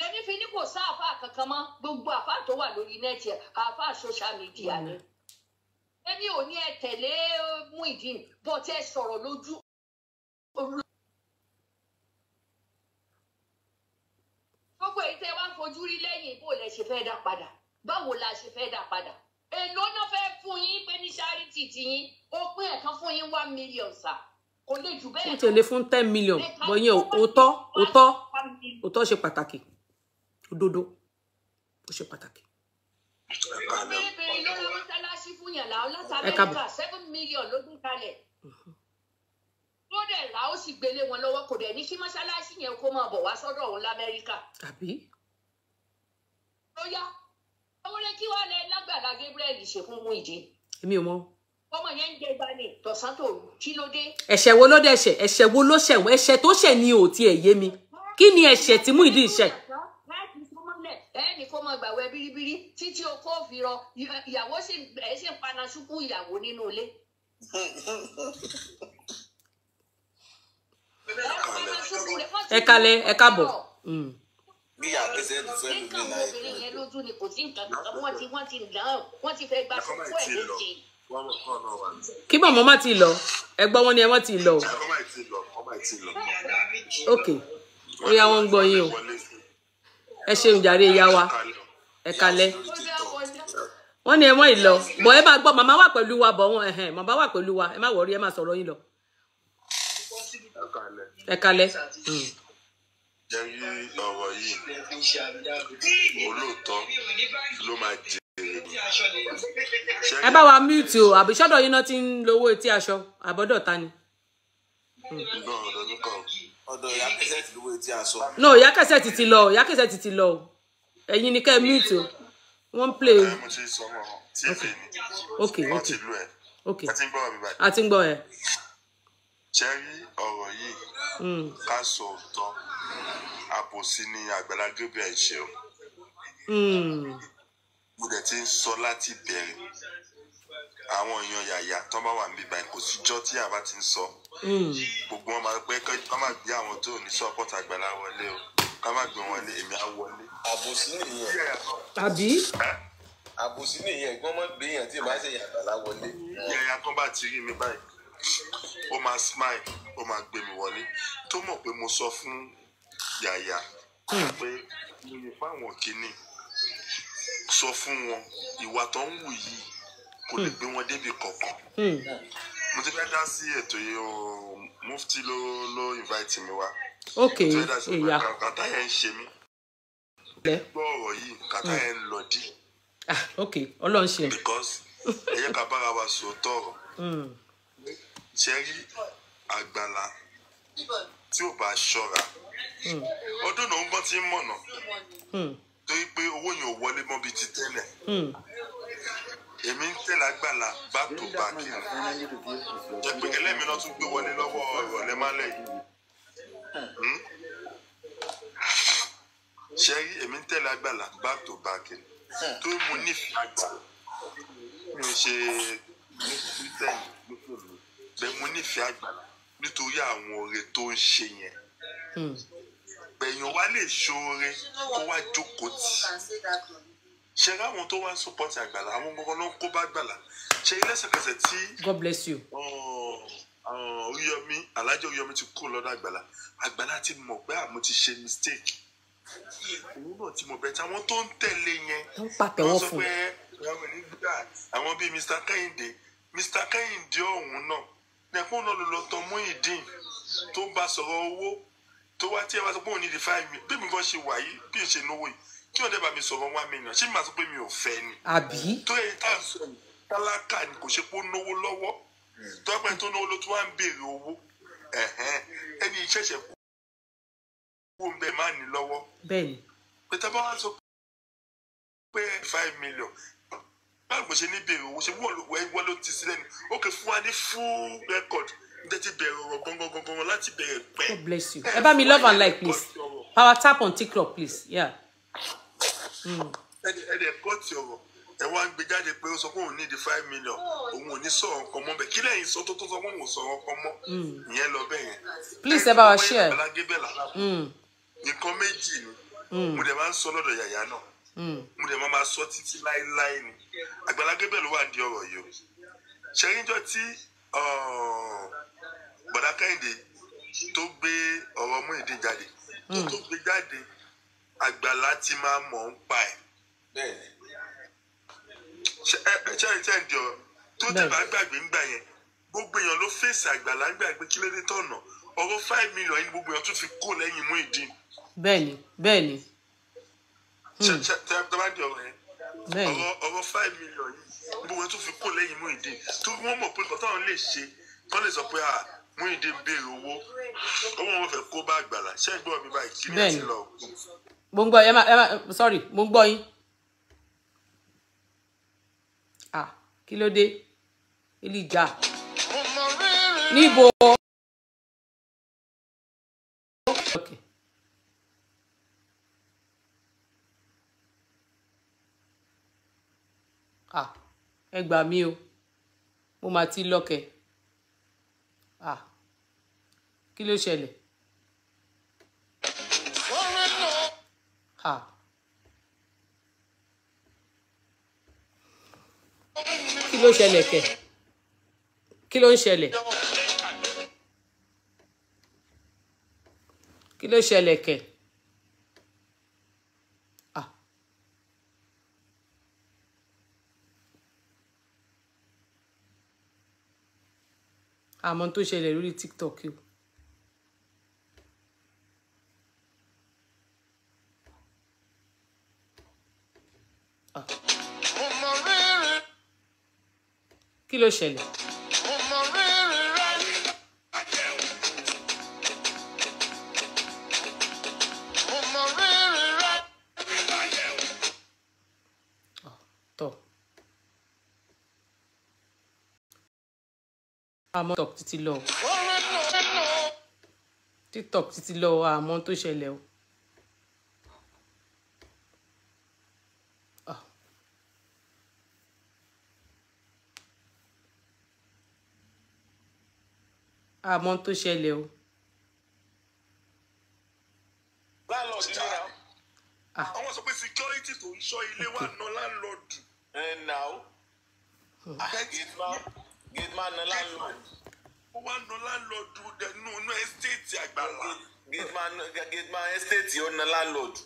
lẹ́ni fi ní kò sá àfáà kankan mọ́ gbogbo àfáà tó wà lórí nẹ́ẹ̀tì àfáà social media ni èmi ò ní ẹ tẹ̀lé eh, Muyideen bọ́tẹ́ sọ̀rọ̀ lójú fẹ́ dá padà báwo la ṣe fẹ́ dá padà èló náà fẹ́ fún yín pé ní ṣáríìtì tiyín ó pín ẹ̀kan fún yín one million sà kò lè jù bẹ́ẹ̀. fún tèlé fún ten million o òótọ́ òótọ́ òótọ́ ṣe pàtàkì òdodo ó ṣe pàtàkì. ẹ káàbọ̀ seven million ló dún kalẹ̀ mhm. tó dẹ̀ ra ó sì gbélé wọn lọ́wọ́ kò dẹ̀ ní kí mọ́ṣáláṣí yẹn kó máa bọ̀ wá sọ́dọ̀ òun lamẹ́ríkà. àbí ó yá ọmọdé kí wàá lẹ lágbàlá Gabriel ṣe fún Muyideen. èmi ò mọ. ọmọ yẹn ń jẹ ìbáni tọ̀sán tó kí ló dé. ẹ̀ṣẹ̀ wo ló dẹ̀ ṣẹ̀ ẹ̀ṣẹ̀ wo ló ṣẹ̀ wọ́n ẹ̀ṣẹ̀ tó ṣẹ̀ ni ò tiẹ̀ yé mi kí ni ẹ̀ṣẹ̀ tí Muyideen ṣẹ̀. ẹnì kó mọ gbàwẹ̀ biribiri títí o kó fi rọ ìyàwó sì ẹ sì paná ṣùkú ìyàwó nínú ilé. ẹ kalẹ̀ ẹ káàbọ̀ bí àpèsè ti fẹ́ lù mí láì pẹ́. obìnrin yẹn lójú ni kò sí nǹkan kan wọ́n ti wọ́n ti là á wọ́n ti fẹ́ gba fún ẹ̀ méje. kí màmá má ti lọ ẹgbọ́n wọn ni ẹ wọ́n ti lọ. ok ó yá wọn ń gbọ́ yín o ẹ ṣeun jàre ìyá wa ẹ kalẹ̀ wọn ni ẹ wọn ìlọ bọ ẹ máa gbọ́ màmá wà pẹ̀lú wa bọ wọn ẹhẹn màmá wà pẹ̀lú wa ẹ má wọrí ẹ má sọ̀rọ̀ yín lọ. ẹ kalẹ̀. ẹ kalẹ̀ jẹ́ rí ọ̀rọ̀ yìí olóòótọ́ ló máa jẹ ẹ bá wa mute o àbí sọ́dọ̀ yín náà ti ń lowó etí aṣọ àbọ̀dọ̀ ta ni. ọ̀dọ̀ ìyá kẹsẹ̀tì lowó etí aṣọ. no ìyá kẹsẹ̀tì ti lọ ìyá kẹsẹ̀tì ti lọ ẹ̀yin ni kẹ́ ẹ mute o wọ́n ń play o. ok ok ok a ti ń gbọ́ ẹ. ṣẹ́rí ọ̀rọ̀ yìí hmm. ká sọ òótọ́ àbòsí ni Àgbàlá Gabriel ń ṣe o hmm. mo dẹ̀ ti ń sọ láti bẹ̀rẹ̀ àwọn èèyàn yàyà tó bá wà ń bíbá kò síjọ́ tí àbá ti ń sọ hmm. gbogbo wọn máa pẹ́ ká má gbé àwọn tó ní support Àgbàlá wọlé o ká má gbé wọlé èmi á wọlé. àbòsí nìyẹn. àbí. àbòsí nìyẹn gbọ́n mọ́ gbé yàn tí ìbá ṣe Àgbàlá wọlé. yàyà kan bá ti rí mi báyìí ó máa smile ó máa gbé mi wọlé tó mọ̀ pé mo sọ fún yàyà hmm. pé mo lè fáwọn kínní sọ fún wọn ìwà tó ń wù yìí kò lè hmm. gbé wọn débi kọ̀ọ̀kan hmm. mo ti fẹ́ dá sí ètò yìí o mufti ló ló invite mi wá ok ìyá kàtà yẹn ń ṣe mí gbọ́ ọ̀rọ̀ yìí kàtà yẹn ń lọ dí. ah ok ọlọ́run ṣe. because ẹ yẹ ká bára wa sòótọ́ ọ̀rọ̀ ṣẹ́rí àgbàlá tí ò bá ṣọ́ra. Hmm. ọdún náà ń gbọ́n tí ń mọ̀nà hmm. torí pé owó yẹn ò wọlé mọ́ bíi ti tẹ́lẹ̀ hmm. èmi ń tẹ̀lé agbára bá tó bá kí n jẹ́ pé ẹlẹ́mi náà tún gbé wọlé lọ́wọ́ ìrọ̀lẹ́ málẹ̀ yìí ṣe rí èmi ń tẹ̀lé agbára bá tó bá kí n tó mo nífẹ̀ẹ́ àgbà mi ò ṣe ní tẹ̀lé àgbà nítorí àwọn oore tó ń ṣe yẹn gbẹ̀yìn hmm. wa lè ṣoore kó wá jókòó tì ṣe ráwọn tó wá support àgbàlá àwọn gbogbo náà kó bá gbàlá ṣe lẹ́sẹ̀kẹsẹ̀ tí. God bless you. Oríyọmí Alhaji Oríyọmí ti kúrò lọ́dọ̀ àgbàlá àgbàlá ti mọ̀ pé àmú ti ṣe mistake òun náà ti mọ̀ bẹ́ẹ̀ tí àwọn tó ń tẹ̀lé yẹn wọ́n sọ pé àwọn bíi Mr. Kẹ́hìndé Mr. Kẹ́hìndé ọ̀hún náà nẹ̀kún náà ló lọ tán Muyideen tó bá sọ̀rọ̀ owó tó wá tí ẹ bá sọ pé òun ní di five million bí mi kàn ṣe wà yìí bí n ṣe náwó yìí kí ọ̀dẹ́ bá mi sọ̀rọ̀ one million ṣé màá sọ pé mi ò fẹ́ ni. àbí. tó yẹ tá a sọ tálákà ni kò ṣe pé ó náwó lọ́wọ́ tó wá pẹ́ tó náwó ló tún wá ń béèrè owó ẹni ìṣẹ̀ṣẹ̀ kú kó ń bẹ máa ní lọ́wọ́. bẹ́ẹ̀ni. pé tá a bá wá sọ pé five million báwo ṣe ní béèrè owó ṣe wọ́n ló ti sílẹ̀ ni ó kè fún wa ní full record dẹ́tí bẹ̀rẹ̀ ọ̀rọ̀ gangan láti bẹ̀rẹ̀ pẹ́. God bless you. ẹ bá mi love and like please. power tap on tiktok please. ẹ dẹ̀ kọ́ ti ọ̀rọ̀ ẹ wá ń gbé jáde pé ó sọ pé òun ní di five million òun ò ní sọ̀rọ̀ nǹkan mọ́ bẹ́ẹ̀ kí lẹ́yìn sọ tó tó sọ pé òun sọ̀rọ̀ nǹkan mọ́ mm. ìyẹn lọ bẹ́ẹ̀ yẹn. please ẹ bá wa share. Mm. nǹkan méjì ni mm. mo dẹ̀ máa ń sọ lọ́dọ̀ yàyà náà mo dẹ̀ máa sọ títí láéláé ni Àgbàlá ló wà ní ọ̀rọ̀ yìí o ṣẹ́yìnjọ́ tí uh, bọ̀dá kẹ́hìndé tó gbé ọ̀rọ̀ Muyideen jáde tó hmm. tó gbé jáde àgbàlá ti máa mọ̀ ń pa ẹ̀ ṣẹ́yìn ṣẹ́yìn jọ tó ti bá gbàgbé ńgbà yẹn gbogbo èèyàn ló fèsì àgbàlá gbàgbé kí ló dé tọ̀nà ọ̀rọ̀ five million yìí gbogbo èèyàn tún fi kó lẹ́yìn Muyideen. bẹ́ẹ̀ni bẹ́ẹ̀ni. ṣe ṣe tẹ ẹ bá di ọ̀rọ̀ yẹn ọ̀rọ̀ ọ̀rọ̀ five million yìí gbogbo èèyàn tún fi kó lẹ́yìn Muyideen tó wọ́n mọ̀ pé kọ́tà wọn lè ṣe kọ́ lè sọ pé ah, Muyinde ń béèrè owó owó wọn fẹ́ kó bá àgbàlá ṣé ń mi báyìí kí ni lọ. mo ń gbọ́ ẹ má ẹ má sorry mo ń gbọ́ yín. ah kí ló dé elija níbo. Okay. ah ẹ gbà mí o mo máa ti lọkẹ ah kí ló ṣẹlẹ̀. kí ló ṣẹlẹ̀ kẹ̀ kí ló ń ṣẹlẹ̀ kí ló ṣẹlẹ̀ kẹ̀. àmọ́ tó ṣẹlẹ̀ lórí tiktok yìí kí ló ṣẹlẹ̀. mo mọ rírì rẹ. mo mọ rírì rẹ. tọ títí lọ títí lọ àmọ́ tó ṣẹlẹ̀ o. àmọ́ tó ṣẹlẹ̀ o. láńlọ́ọ̀dù ni ra ah. àwọn sọ pé security tó ń ṣọ́ ilé wa ná láńlọ́ọ̀dù. ẹ nà ó hmm. ah, gate man ná láńlọ́ọ̀dù. ó wá ná láńlọ́ọ̀dù dẹnu inú estate àgbàlá. gate man estate ó ná láńlọ́ọ̀dù.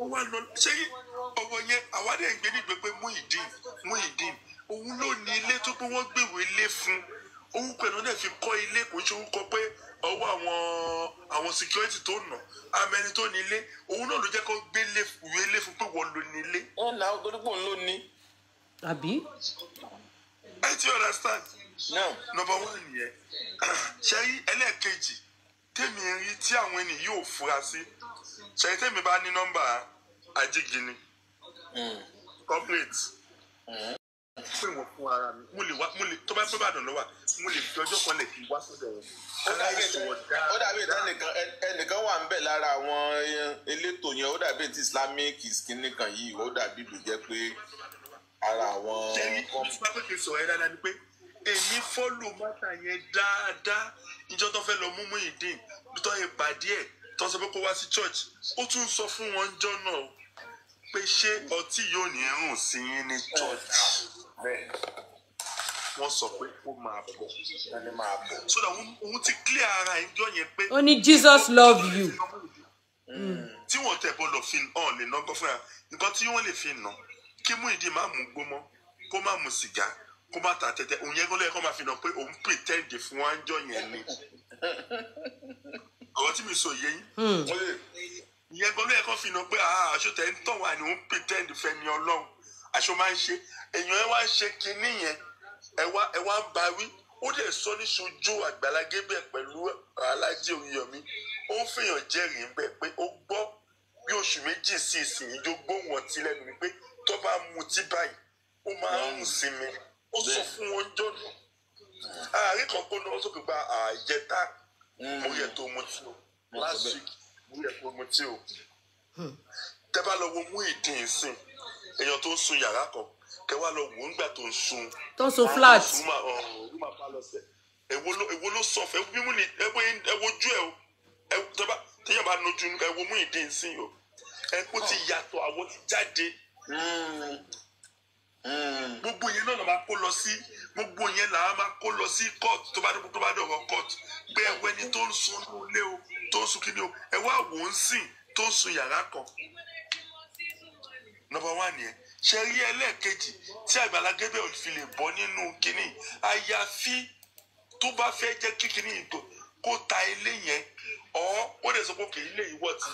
ó wá ná ṣé ọwọ́ yẹn àwa dẹ̀ ń gbé nígbè pé Muyideen Muyideen òun ló ní ilé tó pé wọ́n gbèwé lé fún un orúkọ ẹni náà fi kọ́ ilé kò ṣe orúkọ pé ọwọ́ àwọn àwọn security tó nà amẹni tó ní ilé òun náà ló jẹ́ kó gbé ìwé ilé fún pé wọ́n ló ní ilé. wọn là ń lò ní. àbí. ẹ ti understand. no. number one nìyẹn ṣe rí ẹlẹ́ẹ̀kejì tèmi rí tí àwọn ènìyàn yóò fura sí ṣe rí tèmi bá ní nọ́mbà ajígini hmm. corporate. Hmm. pé wọ́n fún ara mi mo lè wá mo lè tó bá pẹ́ bàdàn lọ́wọ́ mo lè fi ọjọ́ kan lè fi wá sọ́dọ̀ wọn. ó dàbí ẹnìkan ẹnìkan wà ń bẹ̀ lára àwọn elétò yẹn ó dàbí ti islamic kìnnìkan yìí ó dàbí ló jẹ́ pé ara àwọn. jẹ́ni ìfúnpá pé kì í sọ̀rọ̀ ẹ dáadáa ni pé èmi fọ́lù mọ́tà yẹn dáadáa níjọ́ tó fẹ́ lọ mú mú ìdín tó yẹ pàdé ẹ̀ tó sọ pé kó wá sí church ó tún sọ fún wọn jọ náà pé ṣé ọtí yóò ní ẹrùn sí ní church wọ́n sọ pé ó máa bọ̀ ó máa bọ̀ so that òun ti clear ara ẹjọ́ yẹn pé. ó ní Jesus love you. Hmm. tí wọ́n tẹ̀ bọ́ fi hàn lè ná gbọ́ fúnra nǹkan tí wọ́n lè fi nà kí Muyideen má mú gbó kó má mú sìgá kó má ta tẹ́tẹ́ òun yẹn gbọ́dọ̀ yẹ kó máa fi nà pé òun pretend fún wa yẹn ni. ọ̀rọ̀ tí mi sọ yé yín hmm. ìyẹn gbọ́dọ̀ yẹ fi nà pé ah, aṣọ tẹ̀ ń tọ̀ wá ni òun pretend fẹ́ ni ọlọ́run aṣọ máa ń ṣe èèyàn ẹ wá ń ṣe kinní yẹn ẹwà ẹwà ń ba wí ó dẹ̀ sọ ní ṣojú Àgbàlá Gabriel pẹ̀lú Aláàjì Oríyọ̀mí ó ń fìyàn jẹ́rìí ń bẹ̀ pé ó gbọ́ bí oṣù méjì sí ìsìn ìjó gbóhùn ọtí lẹ́nu wípé tó bá mutí báyìí ó máa ń rùn sí ó sọ fún wọn jọ̀nù ààrẹ kan kó lọ sókè gba àyẹ̀tà hmm. mo yẹ tó mutí o last week mo yẹ tó mutí o tẹ́ bá lọ wo mú ìdí ìsìn èèyàn tó ń sun yàrá kan kẹ wá lọ wò ó ńgbà tó ń sun. tó ń sun flat. èwo ló èwo ló sọ fún ẹwọ ní ẹwọ ojú ẹ o ẹwọ tẹyàn bá nojú ẹwọ mú ìdí nsìn o ẹkọ ti yàtọ̀ àwọ̀ ti jáde gbogbo yẹn náà máa kó lọ sí gbogbo yẹn la máa kó lọ sí court tó bá tó court pé ẹwọ ẹni tó ń sun ilé o tó ń sun kíni o ẹwọ àwò tó ń sun yàrá kan nọ́mbà wà nìyẹn ṣe rí ẹlẹ́ẹ̀kejì tí Àgbàlá Gabriel ò fi lè bọ́ nínú kínní àyàfi tó bá fẹ́ jẹ́ kí kínní yìí tó kó ta ilé yẹn ọ̀ ó lè sọ pé kì í lè yíwọ́ ti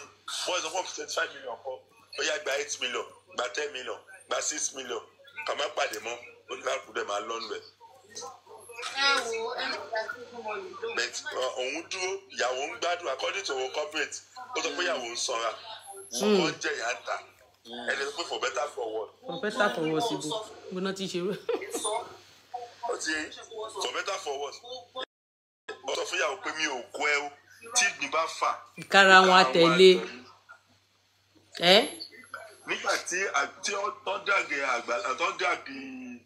wọ́n sọ pé twenty five million kọ́ ó yá gba eight million gba ten million gba six million kà má pàdé mọ́ oníkàkùn dẹ̀ máa lọ́nu ẹ̀. bẹ́ẹ̀ uh, òun dúró ìyàwó ń gbádùn according to our corporate ó sọ pé ìyàwó ń sanra hmm. wọ́n jẹ̀yà ń ta. And it's good for better for worse. for better for worse ibo gbóná ti ṣerú. ó ti for better for worse ó sọ fún I pé mi ò kọ ẹ I tí ìgbín bá fà. ìkara wọn àtẹ̀lé. nígbà tí àti you, àgbàlá ọ̀dàgẹ̀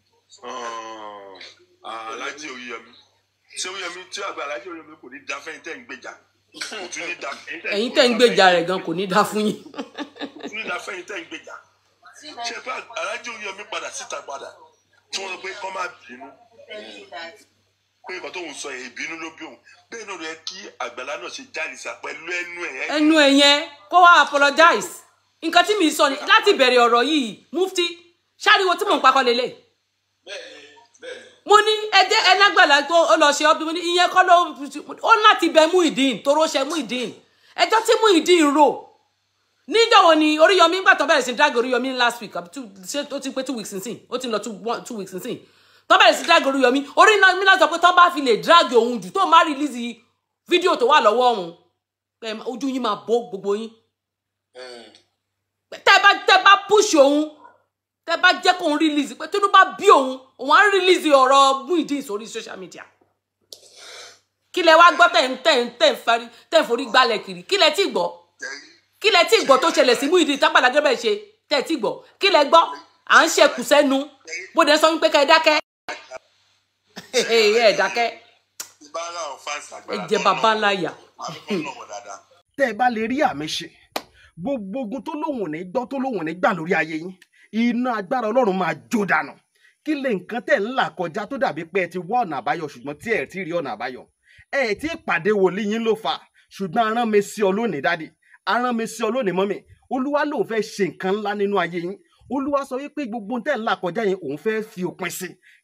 alájí oyèmí ṣé oyèmí tí àgbà alájí oyèmí kò ní dáfẹ́ tẹ̀ ń gbèjà ẹ̀yin tẹ́ ń gbèjà rẹ̀ gan kò ní dá fún yín. kò ní dá fún ẹ̀yin padà síta padà tí wọ́n lọ pé kọ́ máa bínú pé ìgbà tóun sọ yẹn ìbínú ló bí òun bẹ́ẹ̀ náà yẹ kí àgbàlá náà ṣe jáde pẹ̀lú ẹnu ẹ̀. ẹnu ẹ yẹn kó wá apologize nǹkan tí mi sọ ni láti bẹ̀rẹ̀ ọ̀rọ̀ yìí mufti ṣáàriwo tí mò ń pakọ́ lélẹ̀. bẹ́ẹ̀ mo ní ẹjẹ ẹlágbàlá tó ó lọ ṣe ọbí mo ní ìyẹn kọ́ ló ó láti bẹ Muyideen toró ṣe Muyideen ẹjọ́ tí Muyideen rò níjọ́wọ́ ni Oríyọmí ń gbàtọ́ bẹ̀rẹ̀ sí drag Oríyọmí last week ṣé ó ti pé two weeks nsìn ó ti lọ two weeks nsìn tọ́ bẹ̀rẹ̀ sí drag Oríyọmí Oríyọmí náà sọ pé tọ́ bá fi lè drag òun jù tó má release fídíò tó wà lọ́wọ́ òun ojú yín máa bó gbogbo yín hmm. tẹ́ bá tẹ́ bá push òun tẹ bá jẹ́ kóun release pé tóun bá bí òun òun á release ọ̀rọ̀ Muyideen sórí social media kí lẹ wá gbọ́ tẹ̀ ń tẹ̀ ń tẹ̀ ń fari tẹ̀ ń forí gbalẹ̀ kiri kí lẹ ti gbọ́ kí lẹ ti gbọ́ tó ṣẹlẹ̀ sí Muyideen tábàlà gẹ́gẹ́ ṣe tẹ̀ ti gbọ́ kí lẹ gbọ́ à ń ṣe kù sẹ́nu bó dẹ̀ sọ wípé ká ẹ dákẹ́ ẹ dákẹ́ ẹ jẹ bàbá láyà. tẹ́ ẹ bá lè rí àmì ṣe gbogbo ogun tó lóun ò ní gbọ́ tó lóun ò ní gbà lórí ayé yín iná agbára ọlọ́run máa jó dànù kí lè nǹkan tẹ̀ ń là kọjá tó dàbí pé ẹ ti wá ọ̀nà àbáyọ ṣùgbọ́n tí ẹ ti rí ọ̀nà àbáyọ ẹ ti pàdé wòlíì yín ló fà ṣùgbọ́n arán mi sí ọ lónìí dádì arán mi sí ọ lónìí mọ́mì olúwa lòun fẹ́ ṣe nǹkan ńlá nínú ayé yín olúwa sọ wípé gbogbo tẹ̀ ń là kọjá yẹn òun fẹ́ fi òpin sí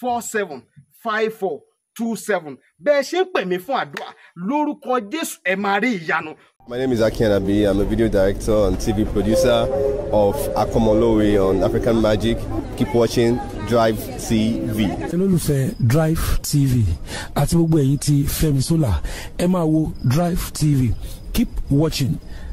four seven five four two seven bẹ́ẹ̀ ṣe ń pè mí fún àdúrà lórúkọ Jésù ẹ máa rí ìyanu. My name is Aki Anabi. I'm a video director and TV producer of Akomolowe on African Magic. Keep watching Drive TV. olólùfẹ́ Drive TV àti gbogbo ẹ̀yin ti Fẹ́mi Sola ẹ máa wo Drive TV. Keep watching.